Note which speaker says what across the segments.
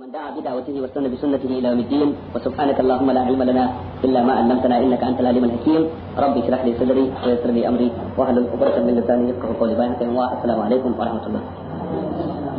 Speaker 1: ومن دعا بدعوته واستنى بسنته الى يوم الدين وسبحانك اللهم لا علم لنا الا ما علمتنا انك انت العليم الحكيم رب اشرح لي صدري ويسر لي امري واحلل عقدة من لساني يفقهوا قولي بارك السلام عليكم ورحمه الله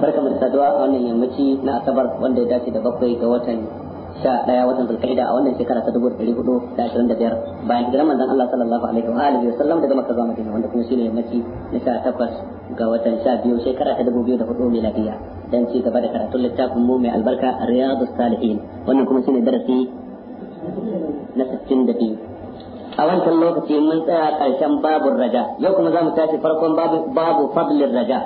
Speaker 1: barkamu da saduwa a wannan yammaci na asabar wanda ya dace da bakwai ga watan sha daya watan zulkaida a wannan shekara ta dubu da dari hudu da ashirin da biyar bayan hijirar manzon Allah sallallahu alaihi wa alihi wa daga Makka zuwa Madina wanda kuma shine yammaci na sha takwas ga watan sha biyu shekara ta dubu biyu da hudu miladiya dan ci gaba da karatun littafin mu mai albarka Riyadus Salihin wannan kuma shine darasi na 62 a wancan lokaci mun tsaya ƙarshen babun raja yau kuma za mu tashi farkon babu fadlin raja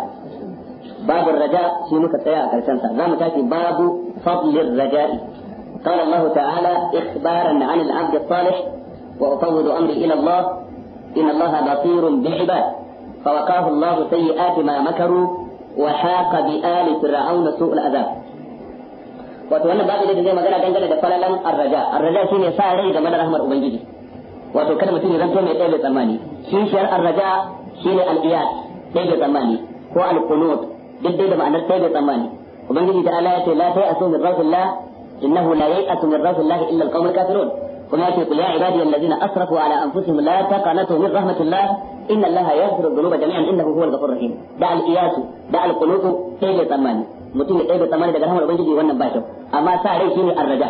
Speaker 1: babun raja shi muka tsaya a ƙarshen sa zamu mu tashi babu fadlin raja'i قال الله تعالى إخبارا عن العبد الصالح وأفوض أمري إلى الله إن الله بصير بالعباد فوقاه الله سيئات ما مكروا وحاق بآل فرعون سوء العذاب wato wannan babu da zai magana dangane da falalan arraja arraja shine sa rai game da rahmar ubangiji wato kada mutum ya zanto mai tsaye da tsammani kishiyar arraja shine al-iyad tsaye da tsammani ko al-qunut duk dai da ma'anar tsaye da tsammani ubangiji da Allah ya ce la ta'asu min rahmatillah إنه لا ييأس من روح الله إلا القوم الكافرون وما يقول يا عبادي الذين أسرفوا على أنفسهم لا تقنطوا من رحمة الله إن الله يغفر الذنوب جميعا إنه هو الغفور الرحيم دع الإياس دع القنوط سيد tsammani mutum ya ɗaya tsammani daga rahmar ubangiji wannan ba kyau amma sa rai shine arraja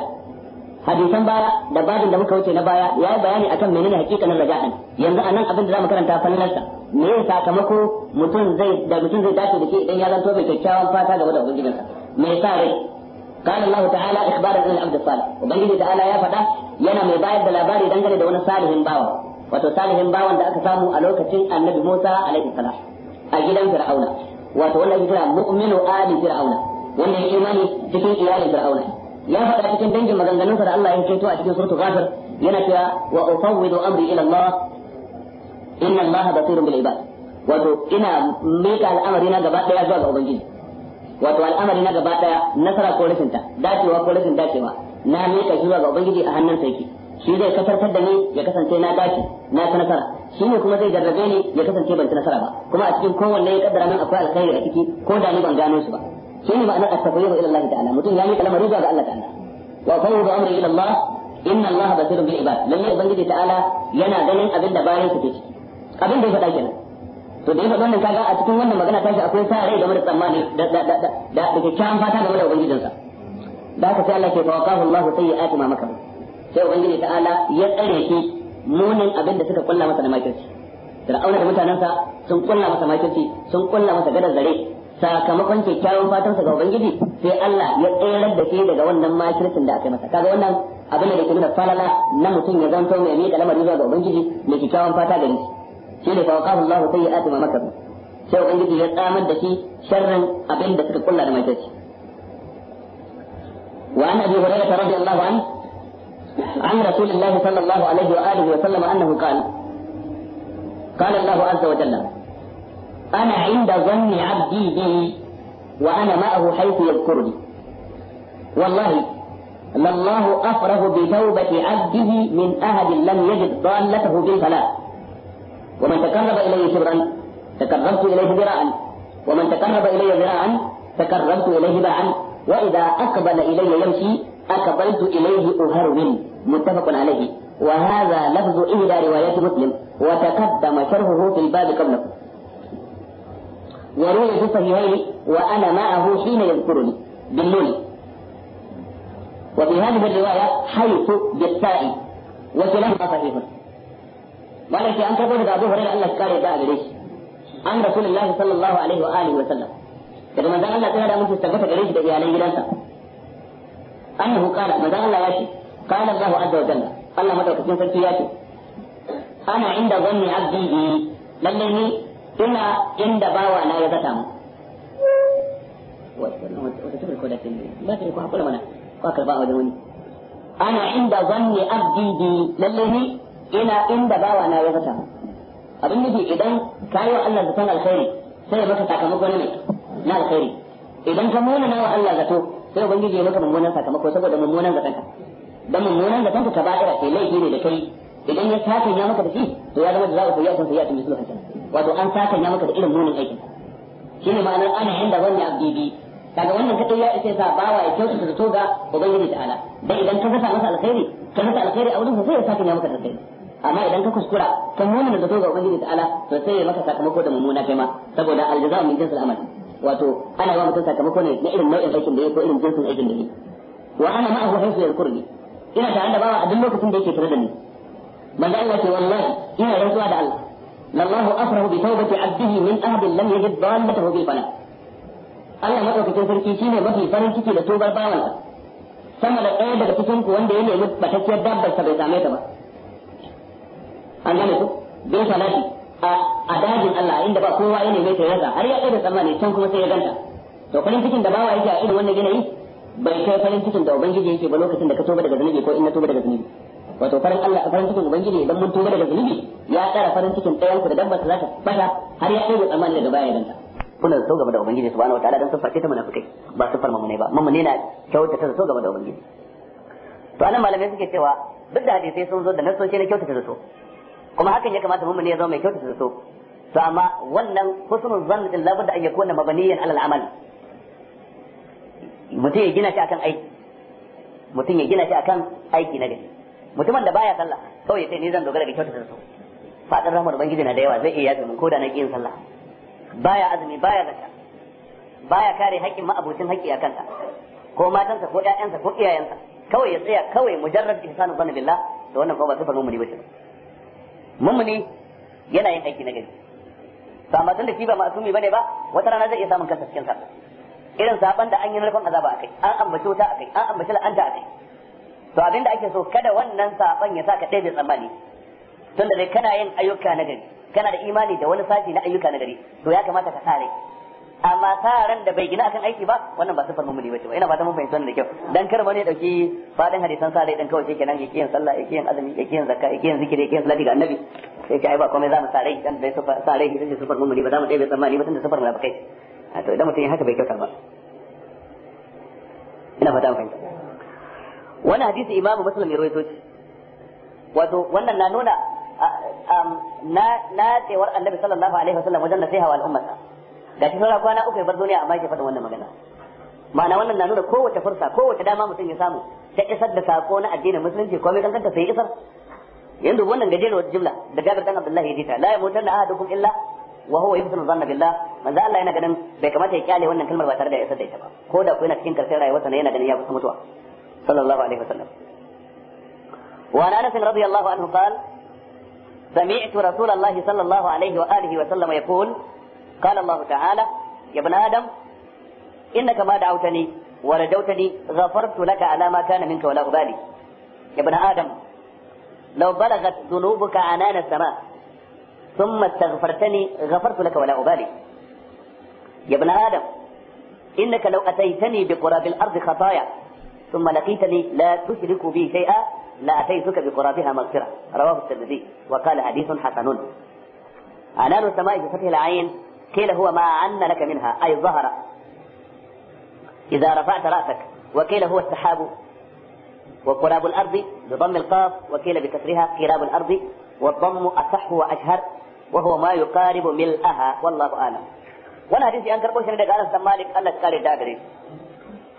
Speaker 1: hadisan baya da babin da muka wuce na baya ya yi bayani akan menene hakikanin raja din yanzu anan abin da zamu karanta fallarsa me ya sakamako mutum zai da mutum zai dace da shi idan ya zanto mai kyakkyawan fata game da ubangijinsa me sa rai قال الله تعالى اخبارا عن العبد الصالح وبنجي تعالى يا فدا ينا مي بايد دلا باري دنجري دون صالح باو وتو صالح باو دا اكا سامو النبي موسى عليه السلام اجدا في وتو وتولى يجرى مؤمن آل في فرعون وانه ايماني تكي ايال فرعون يا فدا تكين دنجي مغنغنو فدا الله ينكيتو اتكي سورة غافر ينا كيا وأفوض أمري إلى الله إن الله بصير بالعباد وتو ميكا الأمر هنا قبات لأجوال أبنجي wato al'amari na gaba daya nasara ko rashin ta dacewa ko rashin dacewa na miƙa shi zuwa ga ubangiji a hannun sai yake shi zai kasartar da ni ya kasance na dace na ta nasara shi ne kuma zai jarrabe ni ya kasance ban ta nasara ba kuma a cikin kowanne ya kaddara min akwai alkhairi a ciki ko da ni ban gano su ba shi ne ma'anar at-tafawwudu ila Allah ta'ala mutum ya yi lamarin zuwa ga Allah ta'ala wa fawwadu amri ila Allah inna Allah basirun bil ibad lalle ubangiji ta'ala yana ganin abin da bayan su ke ciki abin da ya faɗa kenan to da yake wannan kaga a cikin wannan magana tashi akwai sa rai game da tsammani da da da da kyakkyawan fata game da sa da haka sai Allah ke tawaqahu Allahu sayyi'ati ma makaru sai ubangiji ta'ala ya tsare shi munin abin da suka kulla masa da makirci Fir'auna da mutanensa sun kulla masa makirci sun kulla masa gadar zare sakamakon kyakkyawan fatansa ga ubangiji sai Allah ya tsere da shi daga wannan makircin da aka masa kaga wannan abin da ke nuna falala na mutum ya zanto mai miƙa lamari zuwa ga ubangiji mai kyakkyawan fata gare shi shine fa waqahu Allah sayyi'ati ma makaru sai ubangiji ya tsamar da shi sharrin abin da suka kulla da matarsa wa an abi hurairah radiyallahu anhu عن رسول الله صلى الله عليه وآله وسلم أنه قال قال الله عز وجل أنا عند ظن عبدي بي وأنا معه حيث يذكرني والله لله أفرغ بتوبة عبده من أحد لم يجد ضالته بالفلاح ومن تقرب إلي شبرا تقربت إليه ذراعا ومن تقرب إلي ذراعا تقربت إليه باعا وإذا أقبل إلي يمشي أقبلت إليه أهرول متفق عليه وهذا لفظ إلى روايات مسلم وتقدم شرحه في الباب قبله وروي في الصحيحين وأنا معه حين يذكرني بالنون وفي هذه الرواية حيث بالتاء وكلاهما صحيح wannan shi an karɓo daga Abu Hurairah Allah ya kare da gare shi an Rasulullahi sallallahu alaihi wa alihi wa sallam daga manzon Allah tana da mutunta tabbata gare shi da iyalan gidansa annahu qala manzon Allah ya ce qala Allah azza wa jalla Allah madaukakin sarki ya ce ana inda zanni abdi bi lalle ni ina inda bawa na ya ta ana inda ni ina inda bawa na ya zata abin nufi idan ka yi wa Allah zaton alkhairi sai ya maka sakamako ne na alkhairi idan ka muna na wa Allah zato sai ubangiji ya maka mummunan sakamako saboda mummunan zatonka dan mummunan zatonka ka ba'ira sai laifi ne da kai idan ya sakan ya maka da shi to ya zama da za'a koyi akan sayyi'atin mislu hasan wato an sakan ya maka da irin munin aikin shi ne ma'anar ana inda wani abdi bi kaga wannan kadai ya isa sa bawa ya kyautata zato ga ubangiji ta'ala dan idan ka zata masa alkhairi ka zata alkhairi a wurin sai ya sakan ya maka da alkhairi amma idan ka kuskura ka da zato ga ubangiji ta'ala to sai maka sakamako da mummuna kai ma saboda aljaza min jinsul amal wato ana yi wa mutum sakamako ne na irin nau'in aikin da yake ko irin jinsin aikin da yake wa ana ma ahu haisu yadkurni ina tare da bawa a duk lokacin da yake tare da ni manzo Allah ce wallahi ina rantsuwa da Allah lallahu afrahu bi tawbati abdihi min ahadin lam yajid dallatahu bi fala Allah madaukakin sarki shine mafi farin ciki da tobar bawansa sama da ɗaya daga cikin ku wanda ya nemi batakkiyar dabbar sa bai same ta ba an gane ko bin salati a dajin Allah inda ba kowa ya mai sai rasa har ya kai tsammani can kuma sai ya ganta to farin cikin da bawa yake a irin wannan yanayi bai kai farin cikin da ubangiji yake ba lokacin da ka toba daga zunubi ko in na toba daga zunubi wato farin Allah farin cikin ubangiji idan mun toba daga zunubi ya tsara farin cikin ɗayan ku da dabbar za ta bata har ya kai tsammani daga baya ya ganta kuna so gaba da ubangiji subhanahu wataala dan siffar ce ta munafikai ba sun siffar ne ba mun mamune na kyautata so gaba da ubangiji to anan malamai suke cewa duk da hadisai sun zo da nasoci na kyautata so. kuma hakan ya kamata mummuni ya zama mai kyautata zato to amma wannan husnul zan din da an yakuna mabaniyan alal amal mutum ya gina shi akan aiki mutum ya gina shi akan aiki na gari mutumin da baya sallah kawai ya ce ni zan dogara ga kyautata zato fadin rahmar ubangiji na da yawa zai iya yafi ko da na yin sallah baya azumi baya zakka baya kare haƙƙin ma'abucin haƙƙi a kanta, ko matansa ko ƴaƴansa ko iyayensa kawai ya tsaya kawai mujarrad ihsanu zanna billah to wannan ko ba sifar mu'mini ba mummuni yana yin aiki na gari ba masu shi ba masumi bane ba wata rana zai iya samun kansa cikin sabo irin saban da an yi narkon azaba kai an ambaci wuta kai an ambaci la'anta a kai to abin da ake so kada wannan saban ya sa saka ɗaya tsammani tunda dai kana yin ayyuka na gari kana da imani da wani sashi na ayyuka na gari to ya kamata ka sare amma sa ran da bai gina akan aiki ba wannan ba sifar mumuni bace ba ina fata mun fahimta da kyau dan kar bane dauki fadin hadisan sa dai dan kawai nan yake yin sallah yake yin azumi yake yin zakka yake yin zikiri yake yin salati ga annabi sai kai ba komai zamu sa rai dan bai sa rai shi da sifar mumuni ba zamu dai bai tsammani ba tunda kai a to idan mutun ya haka bai kyauta ba ina fata mun fahimta wannan hadisi imamu muslim ya rawaito wato wannan na nuna na na tsewar annabi sallallahu alaihi wasallam wajen nasiha wa al'ummata ga shi saura kwana uku ya bar duniya amma yake faɗin wannan magana ma'ana wannan na nuna kowace fursa kowace dama mutum ya samu ta isar da sako na addinin musulunci ko mai kankanta sai isar yanzu wannan gaje da jimla da gabar dan Abdullahi ya jita la ya yamutanna ahadukum illa wa huwa yusnu zanna billah manzo Allah yana ganin bai kamata ya kyale wannan kalmar ba tare da isar da ita ba ko da ku yana cikin karshen rayuwarsa ne yana ganin ya kusa mutuwa sallallahu alaihi wasallam wa anas radiyallahu anhu qala سمعت رسول الله صلى الله عليه وآله وسلم يقول قال الله تعالى يا ابن آدم إنك ما دعوتني ورجوتني غفرت لك على ما كان منك ولا أبالي يا ابن آدم لو بلغت ذنوبك عنان السماء ثم استغفرتني غفرت لك ولا أبالي يا ابن آدم إنك لو أتيتني بقراب الأرض خطايا ثم لقيتني لا تشرك بي شيئا لأتيتك بقرابها مغفرة رواه الترمذي وقال حديث حسن عنان السماء بفتح العين قيل هو ما عن لك منها أي ظهر إذا رفعت رأسك وقيل هو السحاب وقراب الأرض بضم القاف وقيل بكسرها قراب الأرض والضم أصح وأشهر وهو ما يقارب ملئها والله أعلم ولا حديث أن كربوش ندق أنس مالك لك قال داغري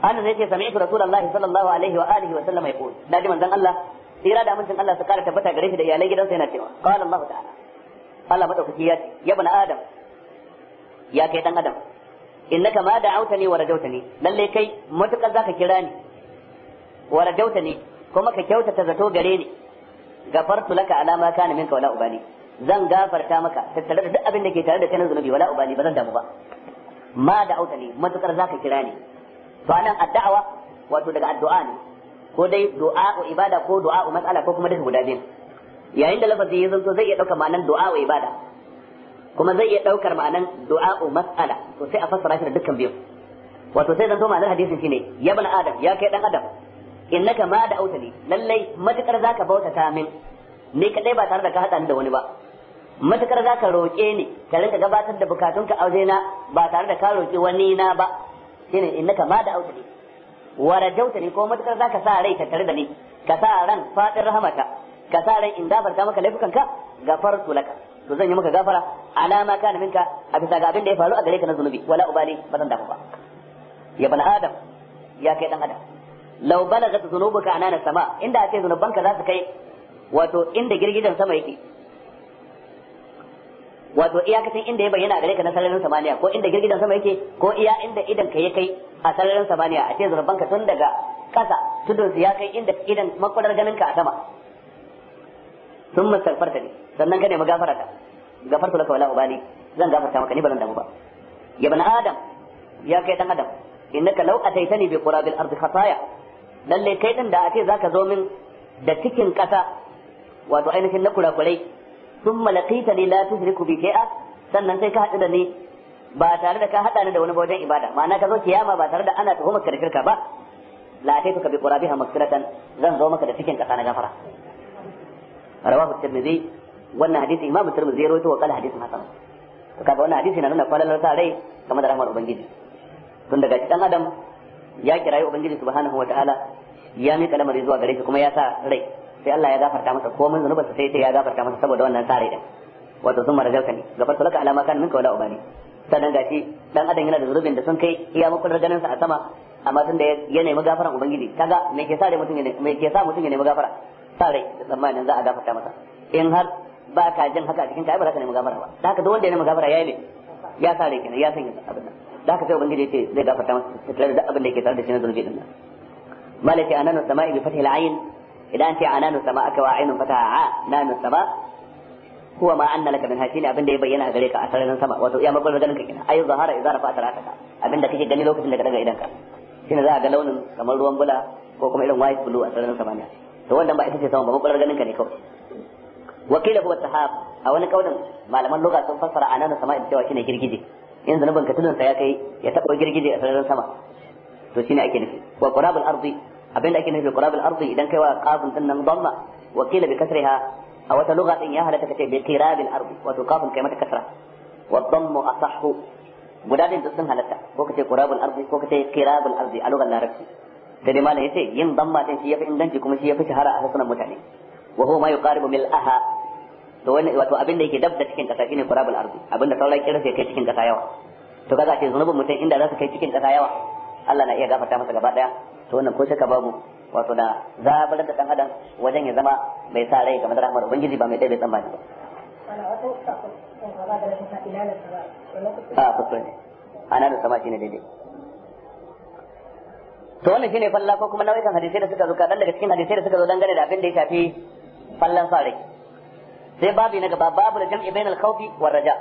Speaker 1: أنا زيتي سمعت رسول الله صلى الله عليه وآله وسلم يقول دائما ذن الله tsira da amincin Allah su kara tabbata يا ليلي da قال الله تعالى قال الله تعالى يا ابن آدم ya kai dan adam innaka ma da'awtani wa rajawtani lalle kai mutukar zaka kira ni wa rajawtani kuma ka kyautata zato gare ni gafartu laka alama kana minka wala ubali zan gafarta maka tattare da duk abin da ke tare da kanin zunubi wala ubali ba zan damu ba ma da'awtani mutukar zaka kira ni to anan addu'a wato daga addu'a ne ko dai du'a ibada ko du'a mas'ala ko kuma duka guda biyu yayin da lafazi ya zanto zai iya dauka ma'anar du'a wa ibada kuma zai iya daukar ma'anan du'a'u mas'ala to sai a fassara shi da dukkan biyu wato sai zan to ma'anar hadisin shine ya bani adam ya kai dan adam innaka ma da autali lallai matukar zaka ta min ni kadai ba tare da ka hada ni da wani ba matukar zaka roƙe ni ka rinka gabatar da bukatunka a wajena ba tare da ka roki wani na ba shine innaka ma da autali jauta ne ko matukar zaka sa rai tattare da ni ka sa ran fadin rahamata ka sa ran in gafarta maka laifukanka gafartu laka to zan yi maka gafara ala ma kana minka a bisa ga abin da ya faru a gare ka na zunubi wala ubali ba zan dafa ba ya bani adam ya kai dan adam law balagat zunubuka anana sama inda ake zunubanka za su kai wato inda girgijen sama yake wato iyakacin inda ya bayyana a gare ka na sararin samaniya ko inda girgidan sama yake ko iya inda idan ka ya kai a sararin samaniya a ce ka tun daga kasa tudun su ya kai inda idan makwadar ganin ka a sama sun masarfar ta ne sannan ka nemi gafara ta gafartu laka wala ubali zan gafarta maka ni ba zan damu ba ya bani adam ya kai dan adam innaka law ataitani bi qurabil ardi khataya lalle kai din da ake zaka zo min da cikin kasa wato ainihin na kurakurai thumma laqitani la tusriku bi shay'a sannan sai ka haɗu da ni ba tare da ka haɗa ni da wani wajen ibada ma'ana ka zo kiyama ba tare da ana tuhumar ka da shirka ba la ataituka bi qurabiha maghfiratan zan zo maka da cikin kasa na gafara rawahu tirmidhi wannan hadisi imamu tirmidhi ya rawaito wa qala hadisin hasan to kaga wannan hadisi na nuna falalar sa rai game da rahmar ubangiji tun daga dan adam ya kirayi ubangiji subhanahu wataala ya mika lamari zuwa gare shi kuma ya sa rai sai Allah ya gafarta masa komai zanubarsa sai sai ya gafarta masa saboda wannan sa rai din wato sun marajarka ne gafarta laka alama kan minka wala ubani sannan gashi dan adam yana da zurubin da sun kai iya makular ganin sa a sama amma tun da ya nemi gafaran ubangiji kaga me ke sa mutum ya nemi gafara tare da tsammanin za a gafarta masa in har ba ka jin haka cikin ka ba za ka nemi gafara ba da haka duk wanda ya nemi gafara ya yi ne ya sa rai kenan ya sanya abin nan da haka sai ubangiji yake zai gafarta masa tare da abin da yake tare da shi na zunubi din nan malaka ananu sama'i bi fathil ayn idan ce ananu sama aka wa ainun fataha a nanu sama huwa ma anna laka min hasini da ya bayyana gare ka a sararin sama wato iya mabar ganin ka kenan ayu zahara idza rafa abin da kake gani lokacin da ka daga idan ka shine za a ga launin kamar ruwan bula ko kuma irin white blue a sararin samaniya to wannan ba ita ce sama ba mabarar ganin ka ne kawai wakila huwa sahab a wani kaulin malaman lugha sun fassara anan sama da cewa shine girgije in zanubin ka tunan sa ya kai ya taba girgije a sararin sama to shine ake nufi wa qurabul ardi da ake nufi qurabul ardi idan kai wa qafun din nan dhamma wakila bi kasriha a wata lugha din ya halatta kace bi qirabil ardi wato qafun kai mata kasra wa dhammu asahhu guda din sun halatta ko kace qurabul ardi ko kace qirabul ardi a lugar larabci sai dai malam yace yin damma din shi yafi inganci kuma shi yafi shahara a hasunan mutane wa huwa ma yuqaribu mil aha to wannan wato abin da yake dab da cikin kasa shine qurabul ardi abin da sauran kira sai kai cikin kasa yawa to kaga ce zunubin mutum inda za su kai cikin kasa yawa Allah na iya gafarta masa gaba daya to wannan ko shaka babu wato da zabar da dan adam wajen ya zama mai sa rai game da rahmar ubangiji ba mai dai bai tsammani
Speaker 2: ba a kuskure
Speaker 1: ana da sama shine daidai to wannan shine falla ko kuma nau'ikan hadisai da suka zo kaɗan daga cikin hadisai da suka zo dangane da abin da ya shafi fallan sa sai babi na gaba babu da jam'i bainal khawfi war raja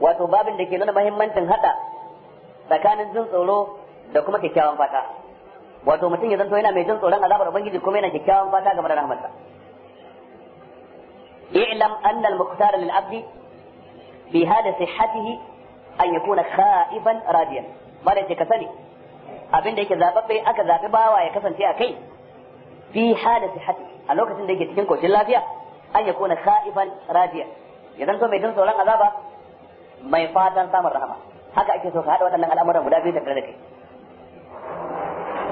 Speaker 1: wato babin da ke nuna muhimmancin hada tsakanin jin tsoro da kuma kikkiawan fata wato mutum ya zanto yana mai jin tsoron azabar ubangiji kuma yana kikkiawan fata game da rahmatsa i'lam anna al-muqtar lil abdi bi hada sihhatihi an yakuna khaifan radiyan malaka ce ka sani abin da yake zababbe aka zabi bawa ya kasance a kai fi fi sihati a lokacin da yake cikin koshin lafiya an ya kona khaifan radiya ya zanto mai jin tsoron azaba mai fatan samun rahama haka ake so ka hada waɗannan al'amuran guda biyu tare da kai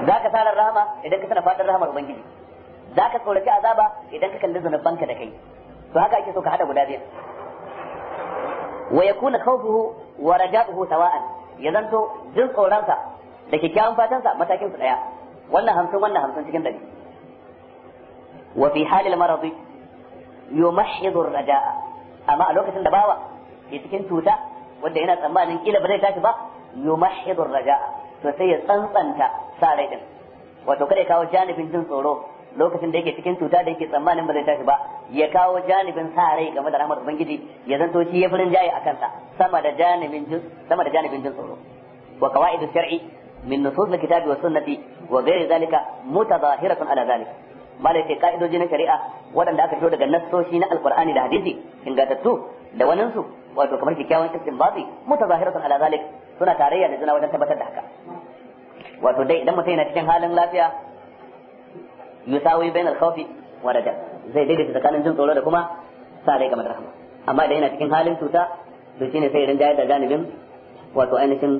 Speaker 1: zaka sanar rahama idan ka tana fatan rahamar ubangiji zaka tsoraci azaba idan ka kalli banka da kai to haka ake so ka hada guda biyu wa yakuna khawfuhu wa raja'uhu sawa'an ya zanto jin tsoronsa da kyakkyawan fatansa matakin su daya wannan hamsin wannan hamsin cikin dari wa fi halil maradi yumahidu raja'a amma a lokacin da bawa ke cikin tuta. wanda yana tsammanin kila ba zai tashi ba yumahidu raja'a to sai ya tsantsanta sa rai din wato kada ya kawo janibin jin tsoro lokacin da yake cikin tuta da yake tsammanin ba zai tashi ba ya kawo janibin sa rai game da rahmar ubangiji ya zanto shi ya furin jaye a kansa sama da janibin jin sama da janibin jin tsoro wa qawaidu shar'i min nusus alkitabi was sunnati wa ghairi zalika mutadhahiratun ala zalika malai sai ka'idoji na shari'a waɗanda aka fito daga nassoshi na alqur'ani da hadisi ingantattu da wannan su wato kamar kikkiawan istinbati mutadhahiratun ala zalik suna tarayya da juna wajen tabbatar da haka wato dai idan mutum yana cikin halin lafiya yusawi bainal khawfi wa rajab zai daidaita tsakanin jin tsoro da kuma sa rai game da amma idan yana cikin halin cuta to shine sai rinjaye da janibin wato ainihin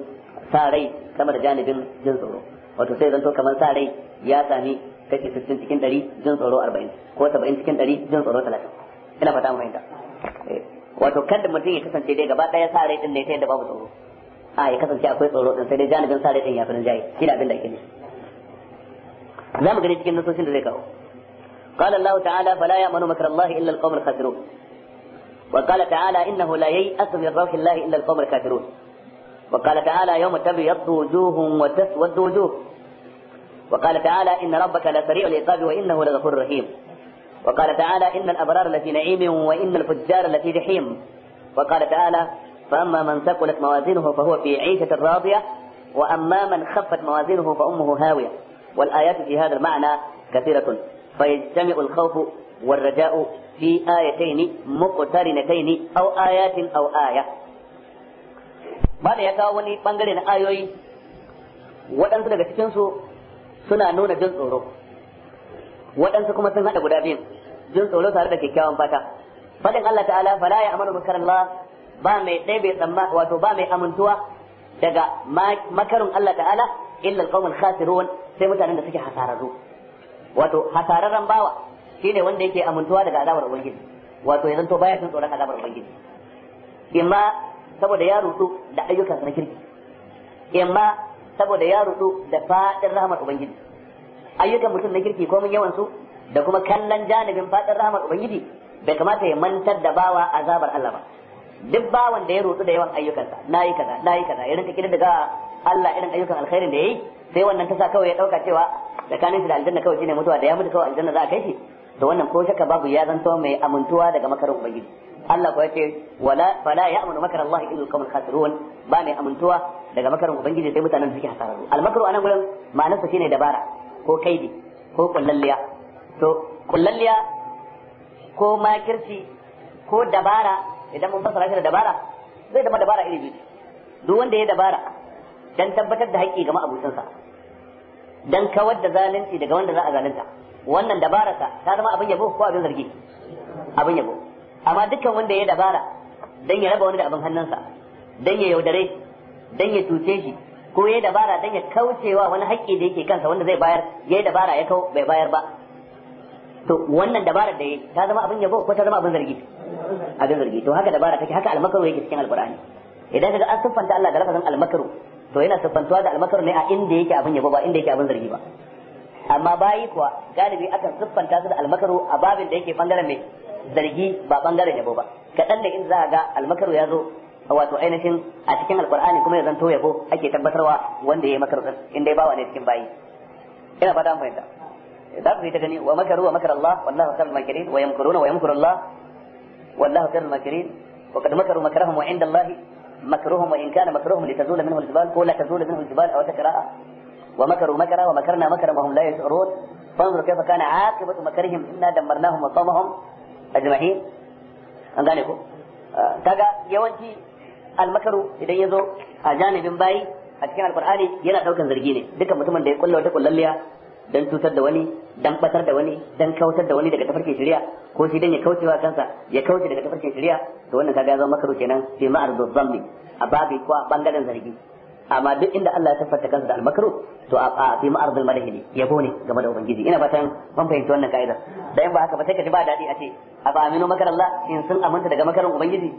Speaker 1: sa rai sama da janibin jin tsoro wato sai zanto kamar sa rai ya sami kashi 60 cikin ɗari jin tsoro arba'in ko saba'in cikin ɗari jin tsoro talatin ina fata mu fahimta eh, wato kada mutum ya kasance dai gaba ɗaya sa rai ne ta yadda babu tsoro a ya kasance akwai tsoro ɗin sai dai janibin sa rai ya fi rinjaye shi abin da ake nufi za mu gani cikin nasoshin da zai kawo قال الله تعالى فلا يأمن مكر الله إلا القوم الخاسرون وقال تعالى إنه لا ييأس من روح الله إلا القوم الكافرون وقال تعالى يوم تبيض وجوه وتسود وجوه وقال تعالى إن ربك لسريع العقاب وإنه لغفور رحيم وقال تعالى إن الأبرار لفي نعيم وإن الفجار لفي جحيم وقال تعالى فأما من ثقلت موازينه فهو في عيشة راضية وأما من خفت موازينه فأمه هاوية والآيات في هذا المعنى كثيرة فيجتمع الخوف والرجاء في آيتين مقترنتين أو آيات أو آية malam ya kawo wani bangare na ayoyi waɗansu daga cikinsu suna nuna jin tsoro waɗansu kuma sun haɗa guda biyun jin tsoro tare da kyakkyawan fata faɗin Allah ta'ala fala ya amanu makarin Allah ba mai ɗai bai tsamma wato ba mai amintuwa daga makarin Allah ta'ala illa alqawmul khasirun sai mutanen da suke hasararru wato hasararren bawa shine wanda yake amintuwa daga azabar ubangiji wato yanzu to baya jin tsoron azabar ubangiji imma saboda ya rutu da ayyukan na kirki imma saboda ya rutu da fadin rahmar ubangiji ayyukan mutum na kirki ko mun yawan su da kuma kallon janibin fadin rahmar ubangiji bai kamata ya mantar da bawa azabar Allah ba duk bawan da ya rutu da yawan ayyukansa nayi kaza nayi kaza irin ka kidan daga Allah irin ayyukan alkhairin da yayi sai wannan ta sa kawai ya dauka cewa tsakanin shi da aljanna kawai shine mutuwa da ya mutu kawai aljanna za a kai shi to wannan ko shakka babu ya zanto mai amintuwa daga makarin ubangiji Allah ko yace wala fala ya'munu makara Allah illa al-qawmul khasirun ba mai amintuwa daga makarin ubangiji sai mutanen da suke hasararru al-makru anan gurin ma'anarsa shine dabara ko kaidi ko kullalliya to kullalliya ko makirci ko dabara idan mun fassara shi da dabara zai zama dabara iri biyu duk wanda ya dabara dan tabbatar da haƙƙi ga ma'abucinsa dan kawar da zalunci daga wanda za a zalunta wannan dabara ta zama abin yabo ko abin zargi abin yabo amma dukkan wanda ya dabara dan ya raba wani da abin hannunsa dan ya yaudare dan ya tuce shi ko ya dabara dan ya kaucewa wani haƙƙi da yake kansa wanda zai bayar ya dabara ya kau bai bayar ba to wannan dabarar da yake ta zama abin yabo ko ta zama abin zargi abin zargi to haka dabara take haka almakaru yake cikin alqur'ani idan kaga an sufanta Allah da lafazin almakaru to yana sufantuwa da almakaru ne a inda yake abin yabo ba inda yake abin zargi ba amma bayi kuwa galibi akan siffanta su da almakaru a babin da yake bangaren mai zargi ba bangaren yabo ba kaɗan da in za ga almakaru ya zo wato ainihin a cikin alkur'ani kuma ya zanto yabo ake tabbatarwa wanda ya yi makaru din in dai bawa ne cikin bayi ina fata an fahimta za ku yi ta gani wa makaru wa makar Allah wallahu khairul makirin wa yamkuruna wa yamkuru Allah wallahu khairul makirin wa qad makaru makarahum wa inda Allah makruhum wa in kana makruhum litazula minhu aljibal ko la tazula minhu aljibal aw takra'a ومكروا مكرا ومكرنا مكرا وهم لا يشعرون فانظر كيف كان عاقبة مكرهم إنا دمرناهم وقومهم أجمعين an gane ko kaga yawanci almakaru idan ya zo a janibin bayi a cikin alkur'ani yana daukan zargi ne dukkan mutumin da ya kulla wata kullalliya dan cutar da wani dan batar da wani dan kautar da wani daga tafarkin shari'a ko shi dan ya kauce wa kansa ya kauce daga tafarkin shari'a to wannan kaga ya makaru kenan fi ma'arzu zammi a ko bangaren zargi amma duk inda Allah ya tabbata kansa da almakru to a fi ma'arz al-madh ne yabo ne game da ubangiji ina fatan ban fahimci wannan ka'idar da in ba haka ba sai ka ji ba dadi a ce a ba aminu makar Allah in sun aminta daga makarin ubangiji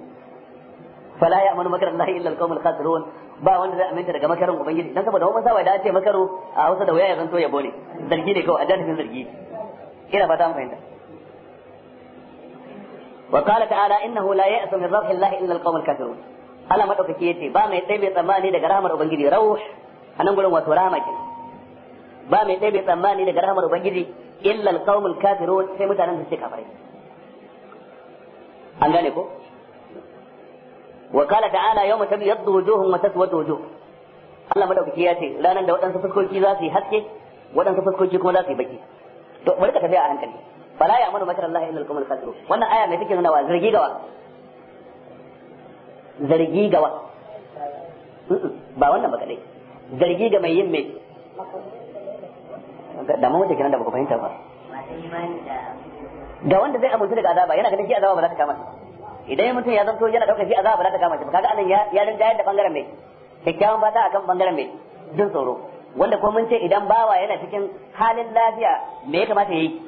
Speaker 1: fala ya amanu makar Allah illa al-qawmul khasirun ba wanda zai aminta daga makarin ubangiji dan saboda wannan sabai da ce makaru, a Hausa da waya ya zanto yabo ne zargi ne kawai a janibin zargi ina fata mun fahimta وقال تعالى إنه لا يأس من روح الله إلا القوم الكافرون Allah madaukaki yace ba mai ɗaya mai tsammani daga rahmar ubangiji rauh anan gurin wato rahama ke ba mai ɗaya mai tsammani daga rahmar ubangiji illa alqaumul kafirun sai mutanen da suke kafirai an gane ko wa qala ta'ala yawma tabyaddu wujuhum wa taswadu wujuh Allah madaukaki yace ranan da wadansu fuskoki za su yi haske wadansu fuskoki kuma za su yi baki to bari ka tafi a hankali fala ya'manu makar Allah illa alqaumul kafirun wannan aya mai take nuna wa zargi gawa zargi ga wa ba wannan ba kadai zargi ga mai yin mai da mu wace kenan da ku fahimta ba Da wanda zai amince daga azaba yana ganin shi azaba ba za ta kama shi idan mutum ya zanto yana daukar shi azaba ba za ta kama shi kaga anan ya rinjayar da bangaren mai kyakkyawan fata akan bangaren mai jin tsoro wanda ko mun ce idan bawa yana cikin halin lafiya me ya kamata ya yi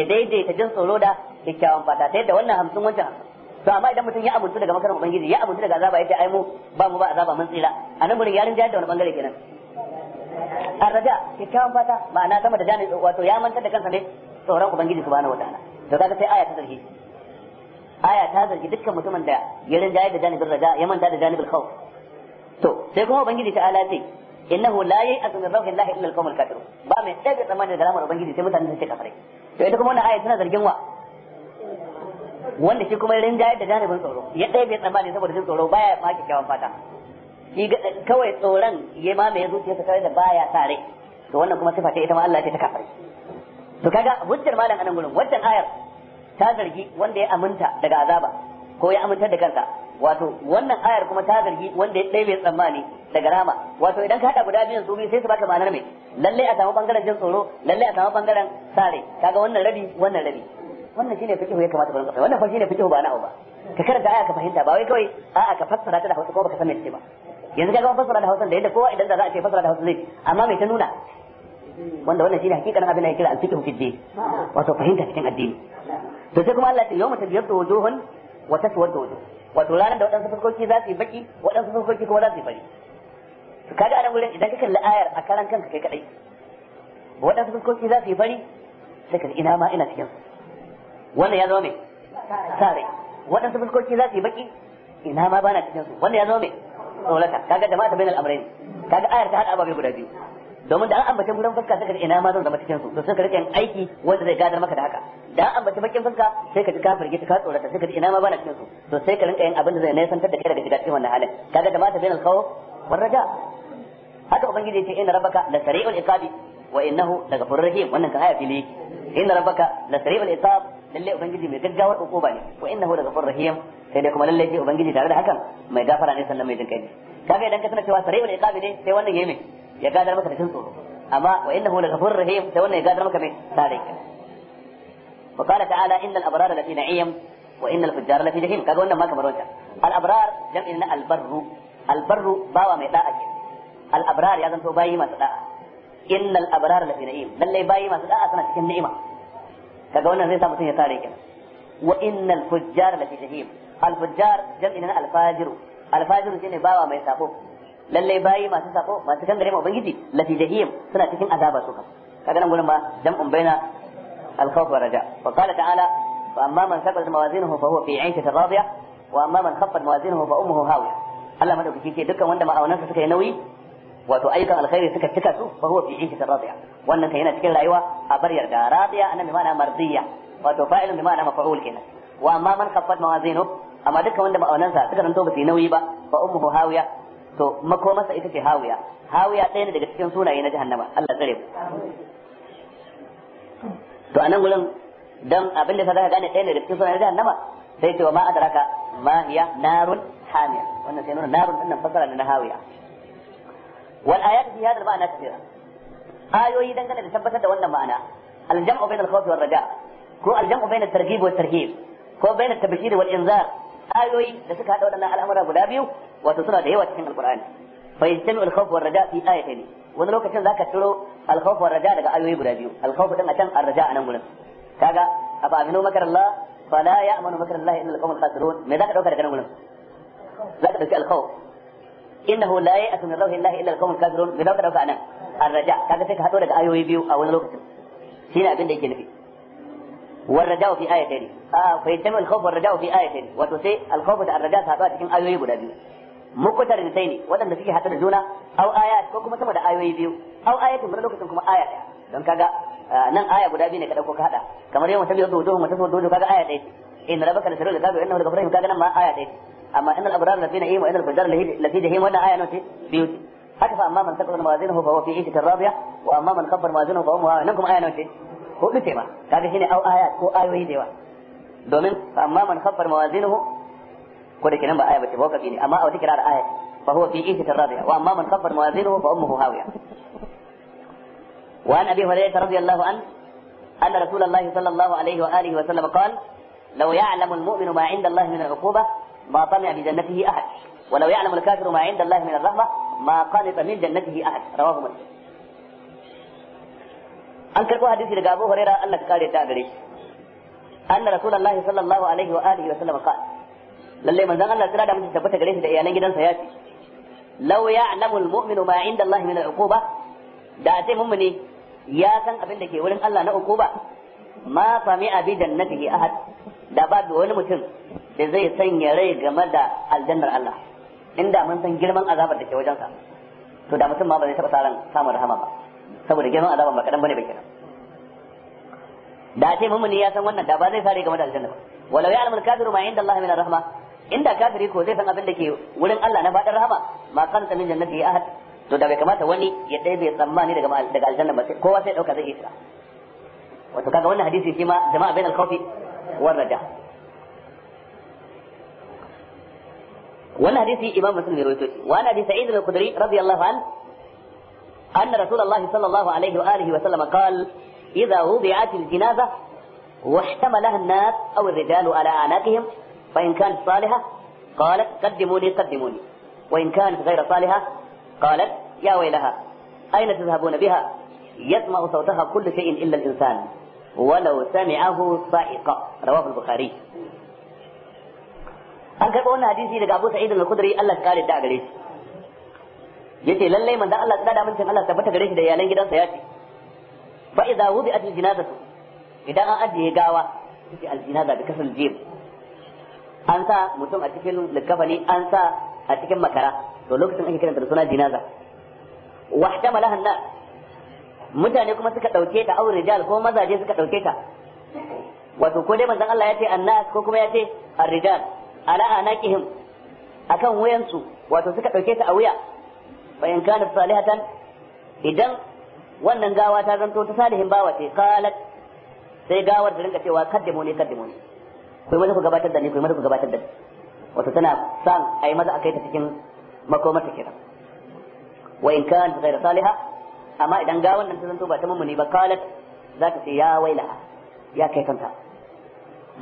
Speaker 1: ya daidaita jin tsoro da kyakkyawan fata ta yadda wannan hamsin wancan hamsin to amma idan mutum ya abuntu daga makarar ubangiji ya abuntu daga azaba yace ai mu ba mu ba azaba mun tsira anan gurin yarin jayar da wani bangare kenan arraja kikkiawan fata ma'ana sama da jani wato ya mantar da kansa ne tsoron ubangiji subhanahu wataala to kaga sai aya ta zargi aya ta zargi dukkan mutumin da ya rinjaye da janibin raja ya manta da janibin khawf to sai kuma ubangiji ta ala ce innahu la yai'atu min lahi illa al-qawmul kafirun ba mai tsaye tsammanin da ramar ubangiji sai mutanen da suke kafare to ita kuma wannan aya tana zargin wa wanda shi kuma rinjaye da janibin tsoro ya ɗaya bai tsammani saboda jin tsoro baya ma kyakkyawan fata shi kawai tsoron ya zuciya ta kawai da baya tare to wannan kuma sifa ta ita ma Allah ce ta kafar to kaga hujjar malam anan gurin wannan ayar ta zargi wanda ya aminta daga azaba ko ya aminta da kansa wato wannan ayar kuma ta zargi wanda ya ɗaya bai tsammani daga rama wato idan ka haɗa guda biyun su biyu sai su baka ma'anar mai lalle a samu bangaren jin tsoro lalle a samu bangaren sare kaga wannan rabi wannan rabi wannan shine fiqh ya kamata ka rinka wannan fa shine fiqh ba na'u ba ka karanta aya ka fahimta ba wai kawai a'a ka fassara ta da Hausa ko baka san me ce ba yanzu kaga fassara da Hausa da yadda kowa idan da za a ce fassara da Hausa zai amma me ta nuna wanda wannan shine nan abin da yake kira al-fiqh fi din wato fahimta cikin addini to sai kuma Allah ya ce yawma tabyaddu wujuhun wa taswadu wujuh wato ranar da waɗansu fuskoki za su yi baki waɗansu fuskoki kuma za su yi fari kaga a nan gurin idan ka kalli ayar a karan kanka kai kadai waɗansu fuskoki za su yi fari sai ka ina ma ina cikin su wannan ya zama mai sa waɗansu fuskoki za su yi baki ina ma bana cikin su wannan ya zama mai tsorata kaga jama'a ta bainal ka kaga ayar ta hada ababe guda biyu domin da an ambaci gudan fuska sai ka ji ina ma zan zama cikin su to sai ka rike aiki wanda zai gadar maka da haka da an ambaci bakin fuska sai ka ji ka firgita ka tsorata sai ka ji ina ma bana cikin su to sai ka rinka yin abin da zai nesantar da kai daga shiga cikin wannan halin kaga jama'a ta bainal kawo war raja haka ubangiji ya ce inna rabbaka la sari'ul iqabi wa innahu la ghafurur rahim wannan ka haya fili inna rabbaka la sari'ul iqabi lalle ubangiji mai gaggawar ukuba ne wa innahu laghafur rahim sai dai kuma lalle shi ubangiji tare da hakan mai gafara ne sannan mai jinkai kaga idan ka sanar cewa sarai iqabi ne sai wannan yayi ya gadar maka da cin tsoro amma wa innahu la laghafur rahim sai wannan ya gadar maka mai sarai wa qala ta'ala innal abrara lati na'im wa innal fujjara lati jahim kaga wannan ma kamar wancan al abrar jam'in na al barru al barru bawa mai da'a ke al abrar ya zanto bayi masu da'a innal abrara lati na'im lalle bayi masu da'a suna cikin ni'ima kaga wannan zai sa mutum ya sare kenan wa innal fujjar lafi jahim al fujjar jam'i na al fajiru al fajiru shine bawa mai sako lalle bayi masu sako masu kangare ma ubangiji lafi jahim suna cikin azaba su kaga nan gurin ma jam'un baina al khawf wa raja wa qala ta'ala fa amma man saqalat mawazinuhu fa huwa fi 'aishatin radiyah wa amma man khaffat mawazinuhu fa ummuhu hawiya Allah madaukaki ce dukkan wanda ma'aunansa suka yi nauyi wato ayyukan alkhairi suka cika su fa huwa fi ishatin radiya wannan kan yana cikin rayuwa a bar yarda radiya anan bi ma'ana mardiya wato fa'ilun bi ma'ana maf'ul kenan wa amma man khaffat mawazinu amma dukkan wanda ma'aunansa suka zanto ba su nauyi ba fa ummuhu hawiya to makomarsa ita ce hawiya hawiya ɗaya ne daga cikin sunaye na jahannama Allah tsare mu to anan gurin dan abin da zaka gane ɗaya ne daga cikin sunaye na jahannama sai ce wa ma adraka ma hiya narun hamiya wannan sai nuna narun din nan fasara na hawiya والآيات في هذا المعنى كثيرة آيو إذا كان تثبت هذا وانا معنى الجمع بين الخوف والرجاء هو الجمع بين الترغيب والترهيب هو بين التبشير والإنذار آيو إذا سكت هذا وانا على أمر أبو لابيو وتصل هذا هو تحين القرآن فيجتمع الخوف والرجاء في آيتين وانا لو كتن ذاك تلو الخوف والرجاء لك آيو إبو لابيو الخوف تنقى تنقى الرجاء نمونا كاقا أبا أمنوا مكر الله فلا يأمن مكر الله إلا القوم الخاسرون ماذا تلو كتن نمونا لا تبشي الخوف innahu la ya'tu min rawhillahi illa al-qawmul kafirun me zaka dauka anan ar-raja kaga sai ka hado daga ayoyi biyu a wani lokacin shine abin da yake nufi والرجاء في آيتين آه فيجتمع الخوف والرجاء في آيتين وتسي الخوف والرجاء سابقا تكون آيوي بلا بيو مكتر نتيني ودن فيه حتى الجونة أو آيات كوكما سمد آيوي بيو أو آيات من لوكتن كما آيات دون كذا nan aya guda biyu ne ka dauko ka hada kamar yau mutum ya zo wujuhum mutum wujuhum kaga aya ɗaya ce in rabbaka lasalul kaga innahu laghafurun kaga nan ma aya ɗaya أما إن الأبرار الذين إيه وإن الفجار الذين إيه وإن آية نوتي بيوت حتى فأما من تقل موازينه فهو في عيشة الرابعة وأما من قبر موازينه فهو مواهنكم آية نوتي هو بتيما هذه هنا أو آيات هو آية وهي ديوا دومين فأما من قبر موازينه كل كلمة ما آية بتبوك كيني أما أو ذكر على آية فهو في عيشة الرابعة وأما من قبر موازينه فأمه هاوية وعن أبي هريرة رضي الله عنه أن رسول الله صلى الله عليه وآله وسلم قال لو يعلم المؤمن ما عند الله من العقوبة a ما طلع بجنته أحد ولو يعلم الكافر ما عند الله من الرحمة ما قنط من جنته أحد رواه مسلم an karɓo hadisi daga Abu Huraira Allah ka kare ta gare shi anna rasulullahi sallallahu alaihi wa alihi wa sallam qala lalle manzon Allah tsira da mutum tabbata gare shi da iyalan gidansa ya ce law ya'lamul mu'minu ma 'inda Allah min al-uquba da ce mummuni ya san abin da ke wurin Allah na uquba ma sami'a bi jannatihi ahad da babu wani mutum da zai sanya rai game da aljannar Allah inda mun san girman azabar da ke wajensa to da mutum ma ba zai taɓa tsaron samun rahama ba saboda girman azabar ba kadan bane ba kenan da ce mumuni ya san wannan da ba zai sare game da aljanna walau ya almul kafiru ma inda Allah min rahma inda kafiri ko zai san abin da ke wurin Allah na fadar rahama ma kan min jannati ahad to da bai kamata wani ya dai bai tsammani daga daga aljanna ba kowa sai dauka zai isa wato kaga wannan hadisi shi ma jama'a bainal khawfi والرجاء والحديث إمام مسلم يرويته وأنا أبي سعيد الخدري رضي الله عنه أن رسول الله صلى الله عليه وآله وسلم قال إذا وضعت الجنازة واحتملها الناس أو الرجال على أعناقهم فإن كانت صالحة قالت قدموني قدموني وإن كانت غير صالحة قالت يا ويلها أين تذهبون بها يسمع صوتها كل شيء إلا الإنسان walau sami'ahu sa'iqa rawahu al-bukhari an karɓo wannan hadisi daga Abu Sa'id al-Khudri Allah ya kare da gare shi yace lalle manzon Allah da mun Allah tabbata gare shi da iyalan gidansa ya ce fa idza wudi'at al-janazatu idan an ajiye gawa yace al-janaza bi kasan jim an sa mutum a cikin likafani an sa a cikin makara to lokacin ake kiran da suna jinaza wa ihtamalaha an-nas mutane kuma suka dauke ta aure rijal ko mazaje suka dauke ta wato ko dai manzon Allah ya ce annas ko kuma ya ce ar-rijal ala anaqihim akan wayansu wato suka dauke ta a wuya bayan kana salihatan idan wannan gawa ta zanto ta salihin bawa ce qalat sai gawar da rinka cewa kaddimu ne kaddimu ne kai maza ku gabatar da ni kai maza ku gabatar da ni wato tana san ai maza akai ta cikin makomar ta kenan wa in kana ghayra salihah amma idan ga wannan ta zanto ba ta mummune ba kalat za ta ce ya waila ya kai kanka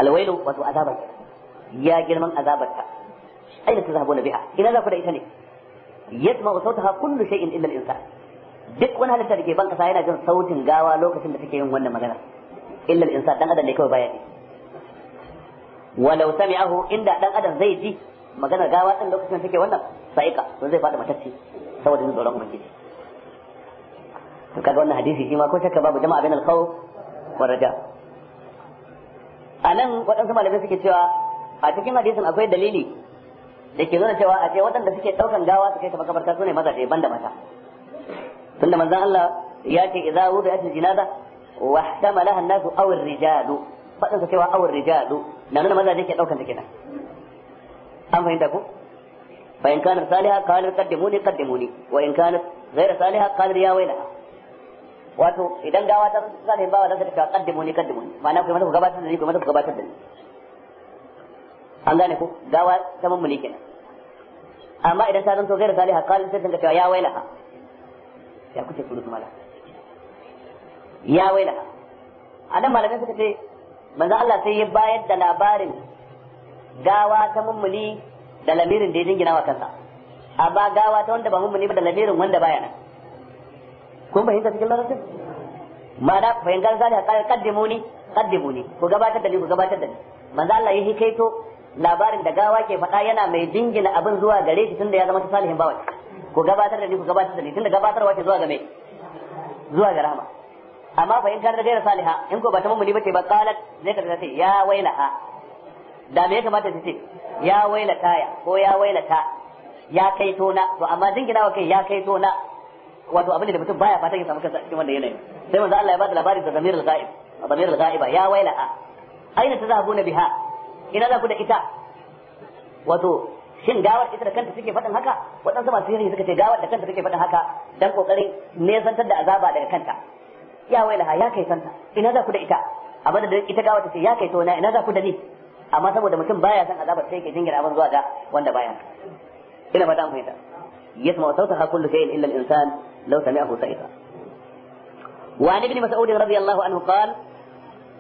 Speaker 1: alwailu wato azabar ya girman azabar ta aina ta zahabuna nabi'a ina za ku da ita ne yasma'u sautaha kullu shay'in illa al-insan duk wani halitta da ke ban kasa yana jin sautin gawa lokacin da take yin wannan magana illa al-insan dan adam ne kawai baya ji walau sami'ahu inda dan adam zai ji magana gawa din lokacin da take wannan sa'iqa to zai fada matacce saboda tsoron ubangiji to kaga wannan hadisi shi ma ko shakka babu jama'a bainal khawf wa raja anan waɗansu malamai suke cewa a cikin hadisin akwai dalili da ke nuna cewa a ce waɗanda suke ɗaukan gawa su kai ta makabarta su ne maza ban da mata tunda manzon Allah ya ce idza wudi'at al-jinaza wa ihtamalaha an-nasu aw ar-rijalu faɗin sa cewa aw ar-rijalu na nuna mazaje ke ɗaukan ta kenan an fahimta ko fa in kana salihah qala qaddimuni qaddimuni wa in kana ghayra salihah qala ya waylaha wato idan gawa ta sani ba wa zaka ta kaddimu ni kaddimu ni ma'ana kuma ku gabatar da ni kuma ku gabatar da ni an gane ku gawa ta mummuni kenan amma idan ta zanto gaira saliha kalin sai ta cewa ya wailaha ya kuce surutu mala ya A nan malamai suka ce manzo Allah sai ya bayar da labarin gawa ta mummuni da lamirin da ya jingina wa kansa amma gawa ta wanda ba mummuni ba da lamirin wanda baya nan kun fahimta cikin larabcin ma'ana fahimtar zani a kaddimu ni kaddimu ni ku gabatar da ni ku gabatar da ni manzo Allah ya hikaito labarin da gawa ke faɗa yana mai dingina abin zuwa gare shi tunda ya zama ta salihin bawa ku gabatar da ni ku gabatar da ni tunda gabatarwa ce zuwa ga mai zuwa ga rahama amma fa in kana gaira saliha in ko ba ta mummuni bace ba qalat zai ka ta ce ya wailaha da me ya kamata ta ce ya wailata ya ko ya wailata ya kai tona to amma dinginawa kai ya kai tona wato abin da mutum baya fatan ya samu kansa cikin wanda yanayi sai manzo Allah ya bada labarin da zamirul ghaib zamirul ghaiba ya waila a aina tazhabuna biha ina za ku da ita wato shin gawar ita da kanta take fadin haka waɗansu masu sihiri suka ce gawar da kanta take fadin haka dan kokarin nesantar da azaba daga kanta ya waila ya kai santa ina za ku da ita abin da ita gawar ta ce ya kai tona ina za ku da ni amma saboda mutum baya san azabar sai yake jingira abin zuwa ga wanda baya ina fata mu fahimta يسمع صوتها كل شيء إلا الإنسان لو سمعه سيفا وعن ابن مسعود رضي الله عنه قال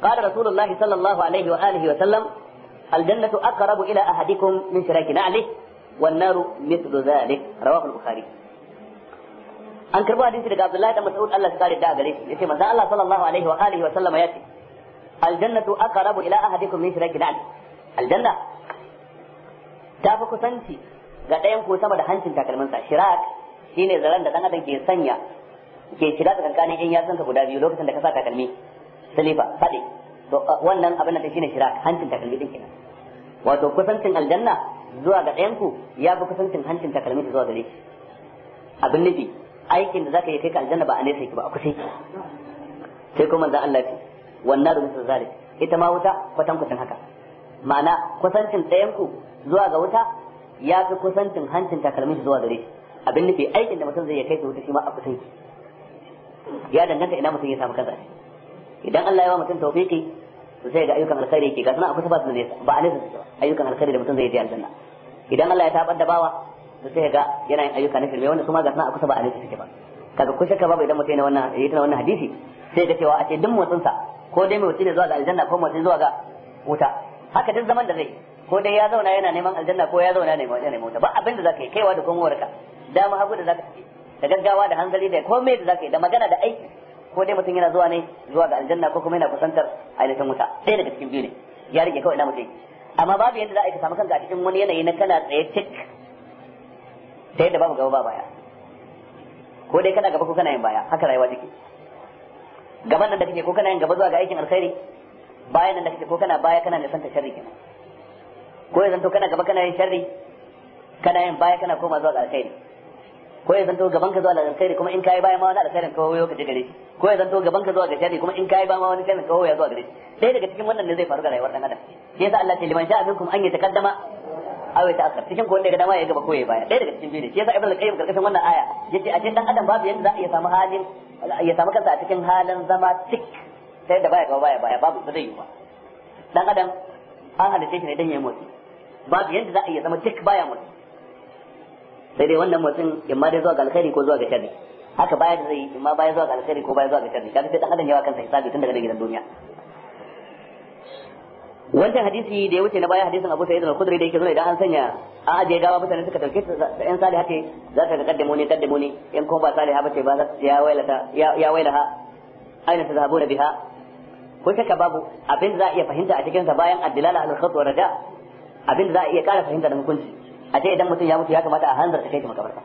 Speaker 1: قال رسول الله صلى الله عليه وآله وسلم الجنة أقرب إلى أحدكم من شراك نعله والنار مثل ذلك رواه البخاري أن كربوا حديث عبد الله بن مسعود الله سكار الدعاء قليس الله صلى الله عليه وآله وسلم يأتي الجنة أقرب إلى أحدكم من شراك نعله الجنة تافق سنتي ga ɗayan ko sama da hancin takalminsa shirak shine zaren da dan adam ke sanya ke shiga tsakankanin in ka guda biyu lokacin da ka sa takalmi silifa faɗi to wannan abin da shine shirak hancin takalmi din kenan wato kusancin aljanna zuwa ga ɗayan ku ya fi kusancin hancin takalmi zuwa gare shi abin nufi aikin da zaka yi kai ka aljanna ba a nesa ki ba a kusa sai kuma da Allah fi wannan da musu zalik ita ma wuta kwatan kwatan haka ma'ana kusancin ɗayan ku zuwa ga wuta ya fi kusancin hancin takalmin shi zuwa gare shi abin nufi aikin da mutum zai kai su wuta shi ma a kusanci ya danganta ina mutum ya samu kansa idan Allah ya ba mutum taufiki to sai ga ayyukan alkhairi yake ga sana akwai ba su ne ba a nisa ayyukan alkhairi da mutum zai je aljanna idan Allah ya tabar da bawa to sai ga yana yin ayyuka na shirme wanda kuma ga sana akwai ba a nesa suke ba kaga ku shakka babu idan mutum yana wannan yayi ta wannan hadisi sai ga cewa a ce duk mutunsa ko dai mai wuce ne zuwa ga aljanna ko mutum zuwa ga wuta haka duk zaman da zai ko dai ya zauna yana neman aljanna ko ya zauna neman aljanna mota ba abin da zaka yi kaiwa da komowar ka dama hagu da zaka yi da gaggawa da hankali da komai da zaka yi da magana da aiki ko dai mutum yana zuwa ne zuwa ga aljanna ko kuma yana kusantar ainihin wuta ɗaya daga cikin biyu ne ya rike kawai na mutum amma babu yadda za a yi ka samu kanka a cikin wani yanayi na kana tsaye tik ta yadda babu gaba ba baya ko dai kana gaba ko kana yin baya haka rayuwa take gaban nan da kake ko kana yin gaba zuwa ga aikin alkhairi bayan nan da kake ko kana baya kana nisan ta sharri kenan ko ya zanto kana gaba kana yin sharri kana yin baya kana koma zuwa ga alkhairi ko ya zanto gaban ka zuwa ga alkhairi kuma in kai baya ma wani alkhairin ka hoyo ka je gare ko ya zanto gaban ka zuwa ga sharri kuma in kai baya ma wani sharrin ka hoyo zuwa gare dai daga cikin wannan ne zai faru ga rayuwar dan adam sai sa Allah ce liman sha'a minkum an awai ta akar cikin ko wanda ga dama ya gaba ko ya baya dai daga cikin biyu ne sa ibnu al-qayyim karkashin wannan aya yace a ce dan adam babu yanda za a iya samu halin ya samu kansa a cikin halin zama tik sai da baya ga baya baya babu ba zai yi ba dan adam an halitta shi ne dan yayi motsi babu yadda za a iya zama duk baya mutum sai dai wannan mutum in ma dai zuwa ga alkhairi ko zuwa ga sharri haka baya da zai in ma baya zuwa ga alkhairi ko baya zuwa ga sharri kafin sai dan adam yawa kansa hisabi tun daga nan gidan duniya wancan hadisi da ya wuce na baya hadisin Abu Sa'id al-Khudri da yake zuwa idan an sanya a ajiye gawa mutane suka dauke ta da yan salih hake za ta ga kaddamo ne kaddamo ne in kuma ba salih ba ce ba za ta ya wailata ya wailaha aina da biha ko shakka babu abin za a iya fahimta a cikin sa bayan addilala al khudri wa raja abinda za a iya ƙara fahimta da hukunci a ce idan mutum ya mutu ya kamata a hanzarta kai ta makabarta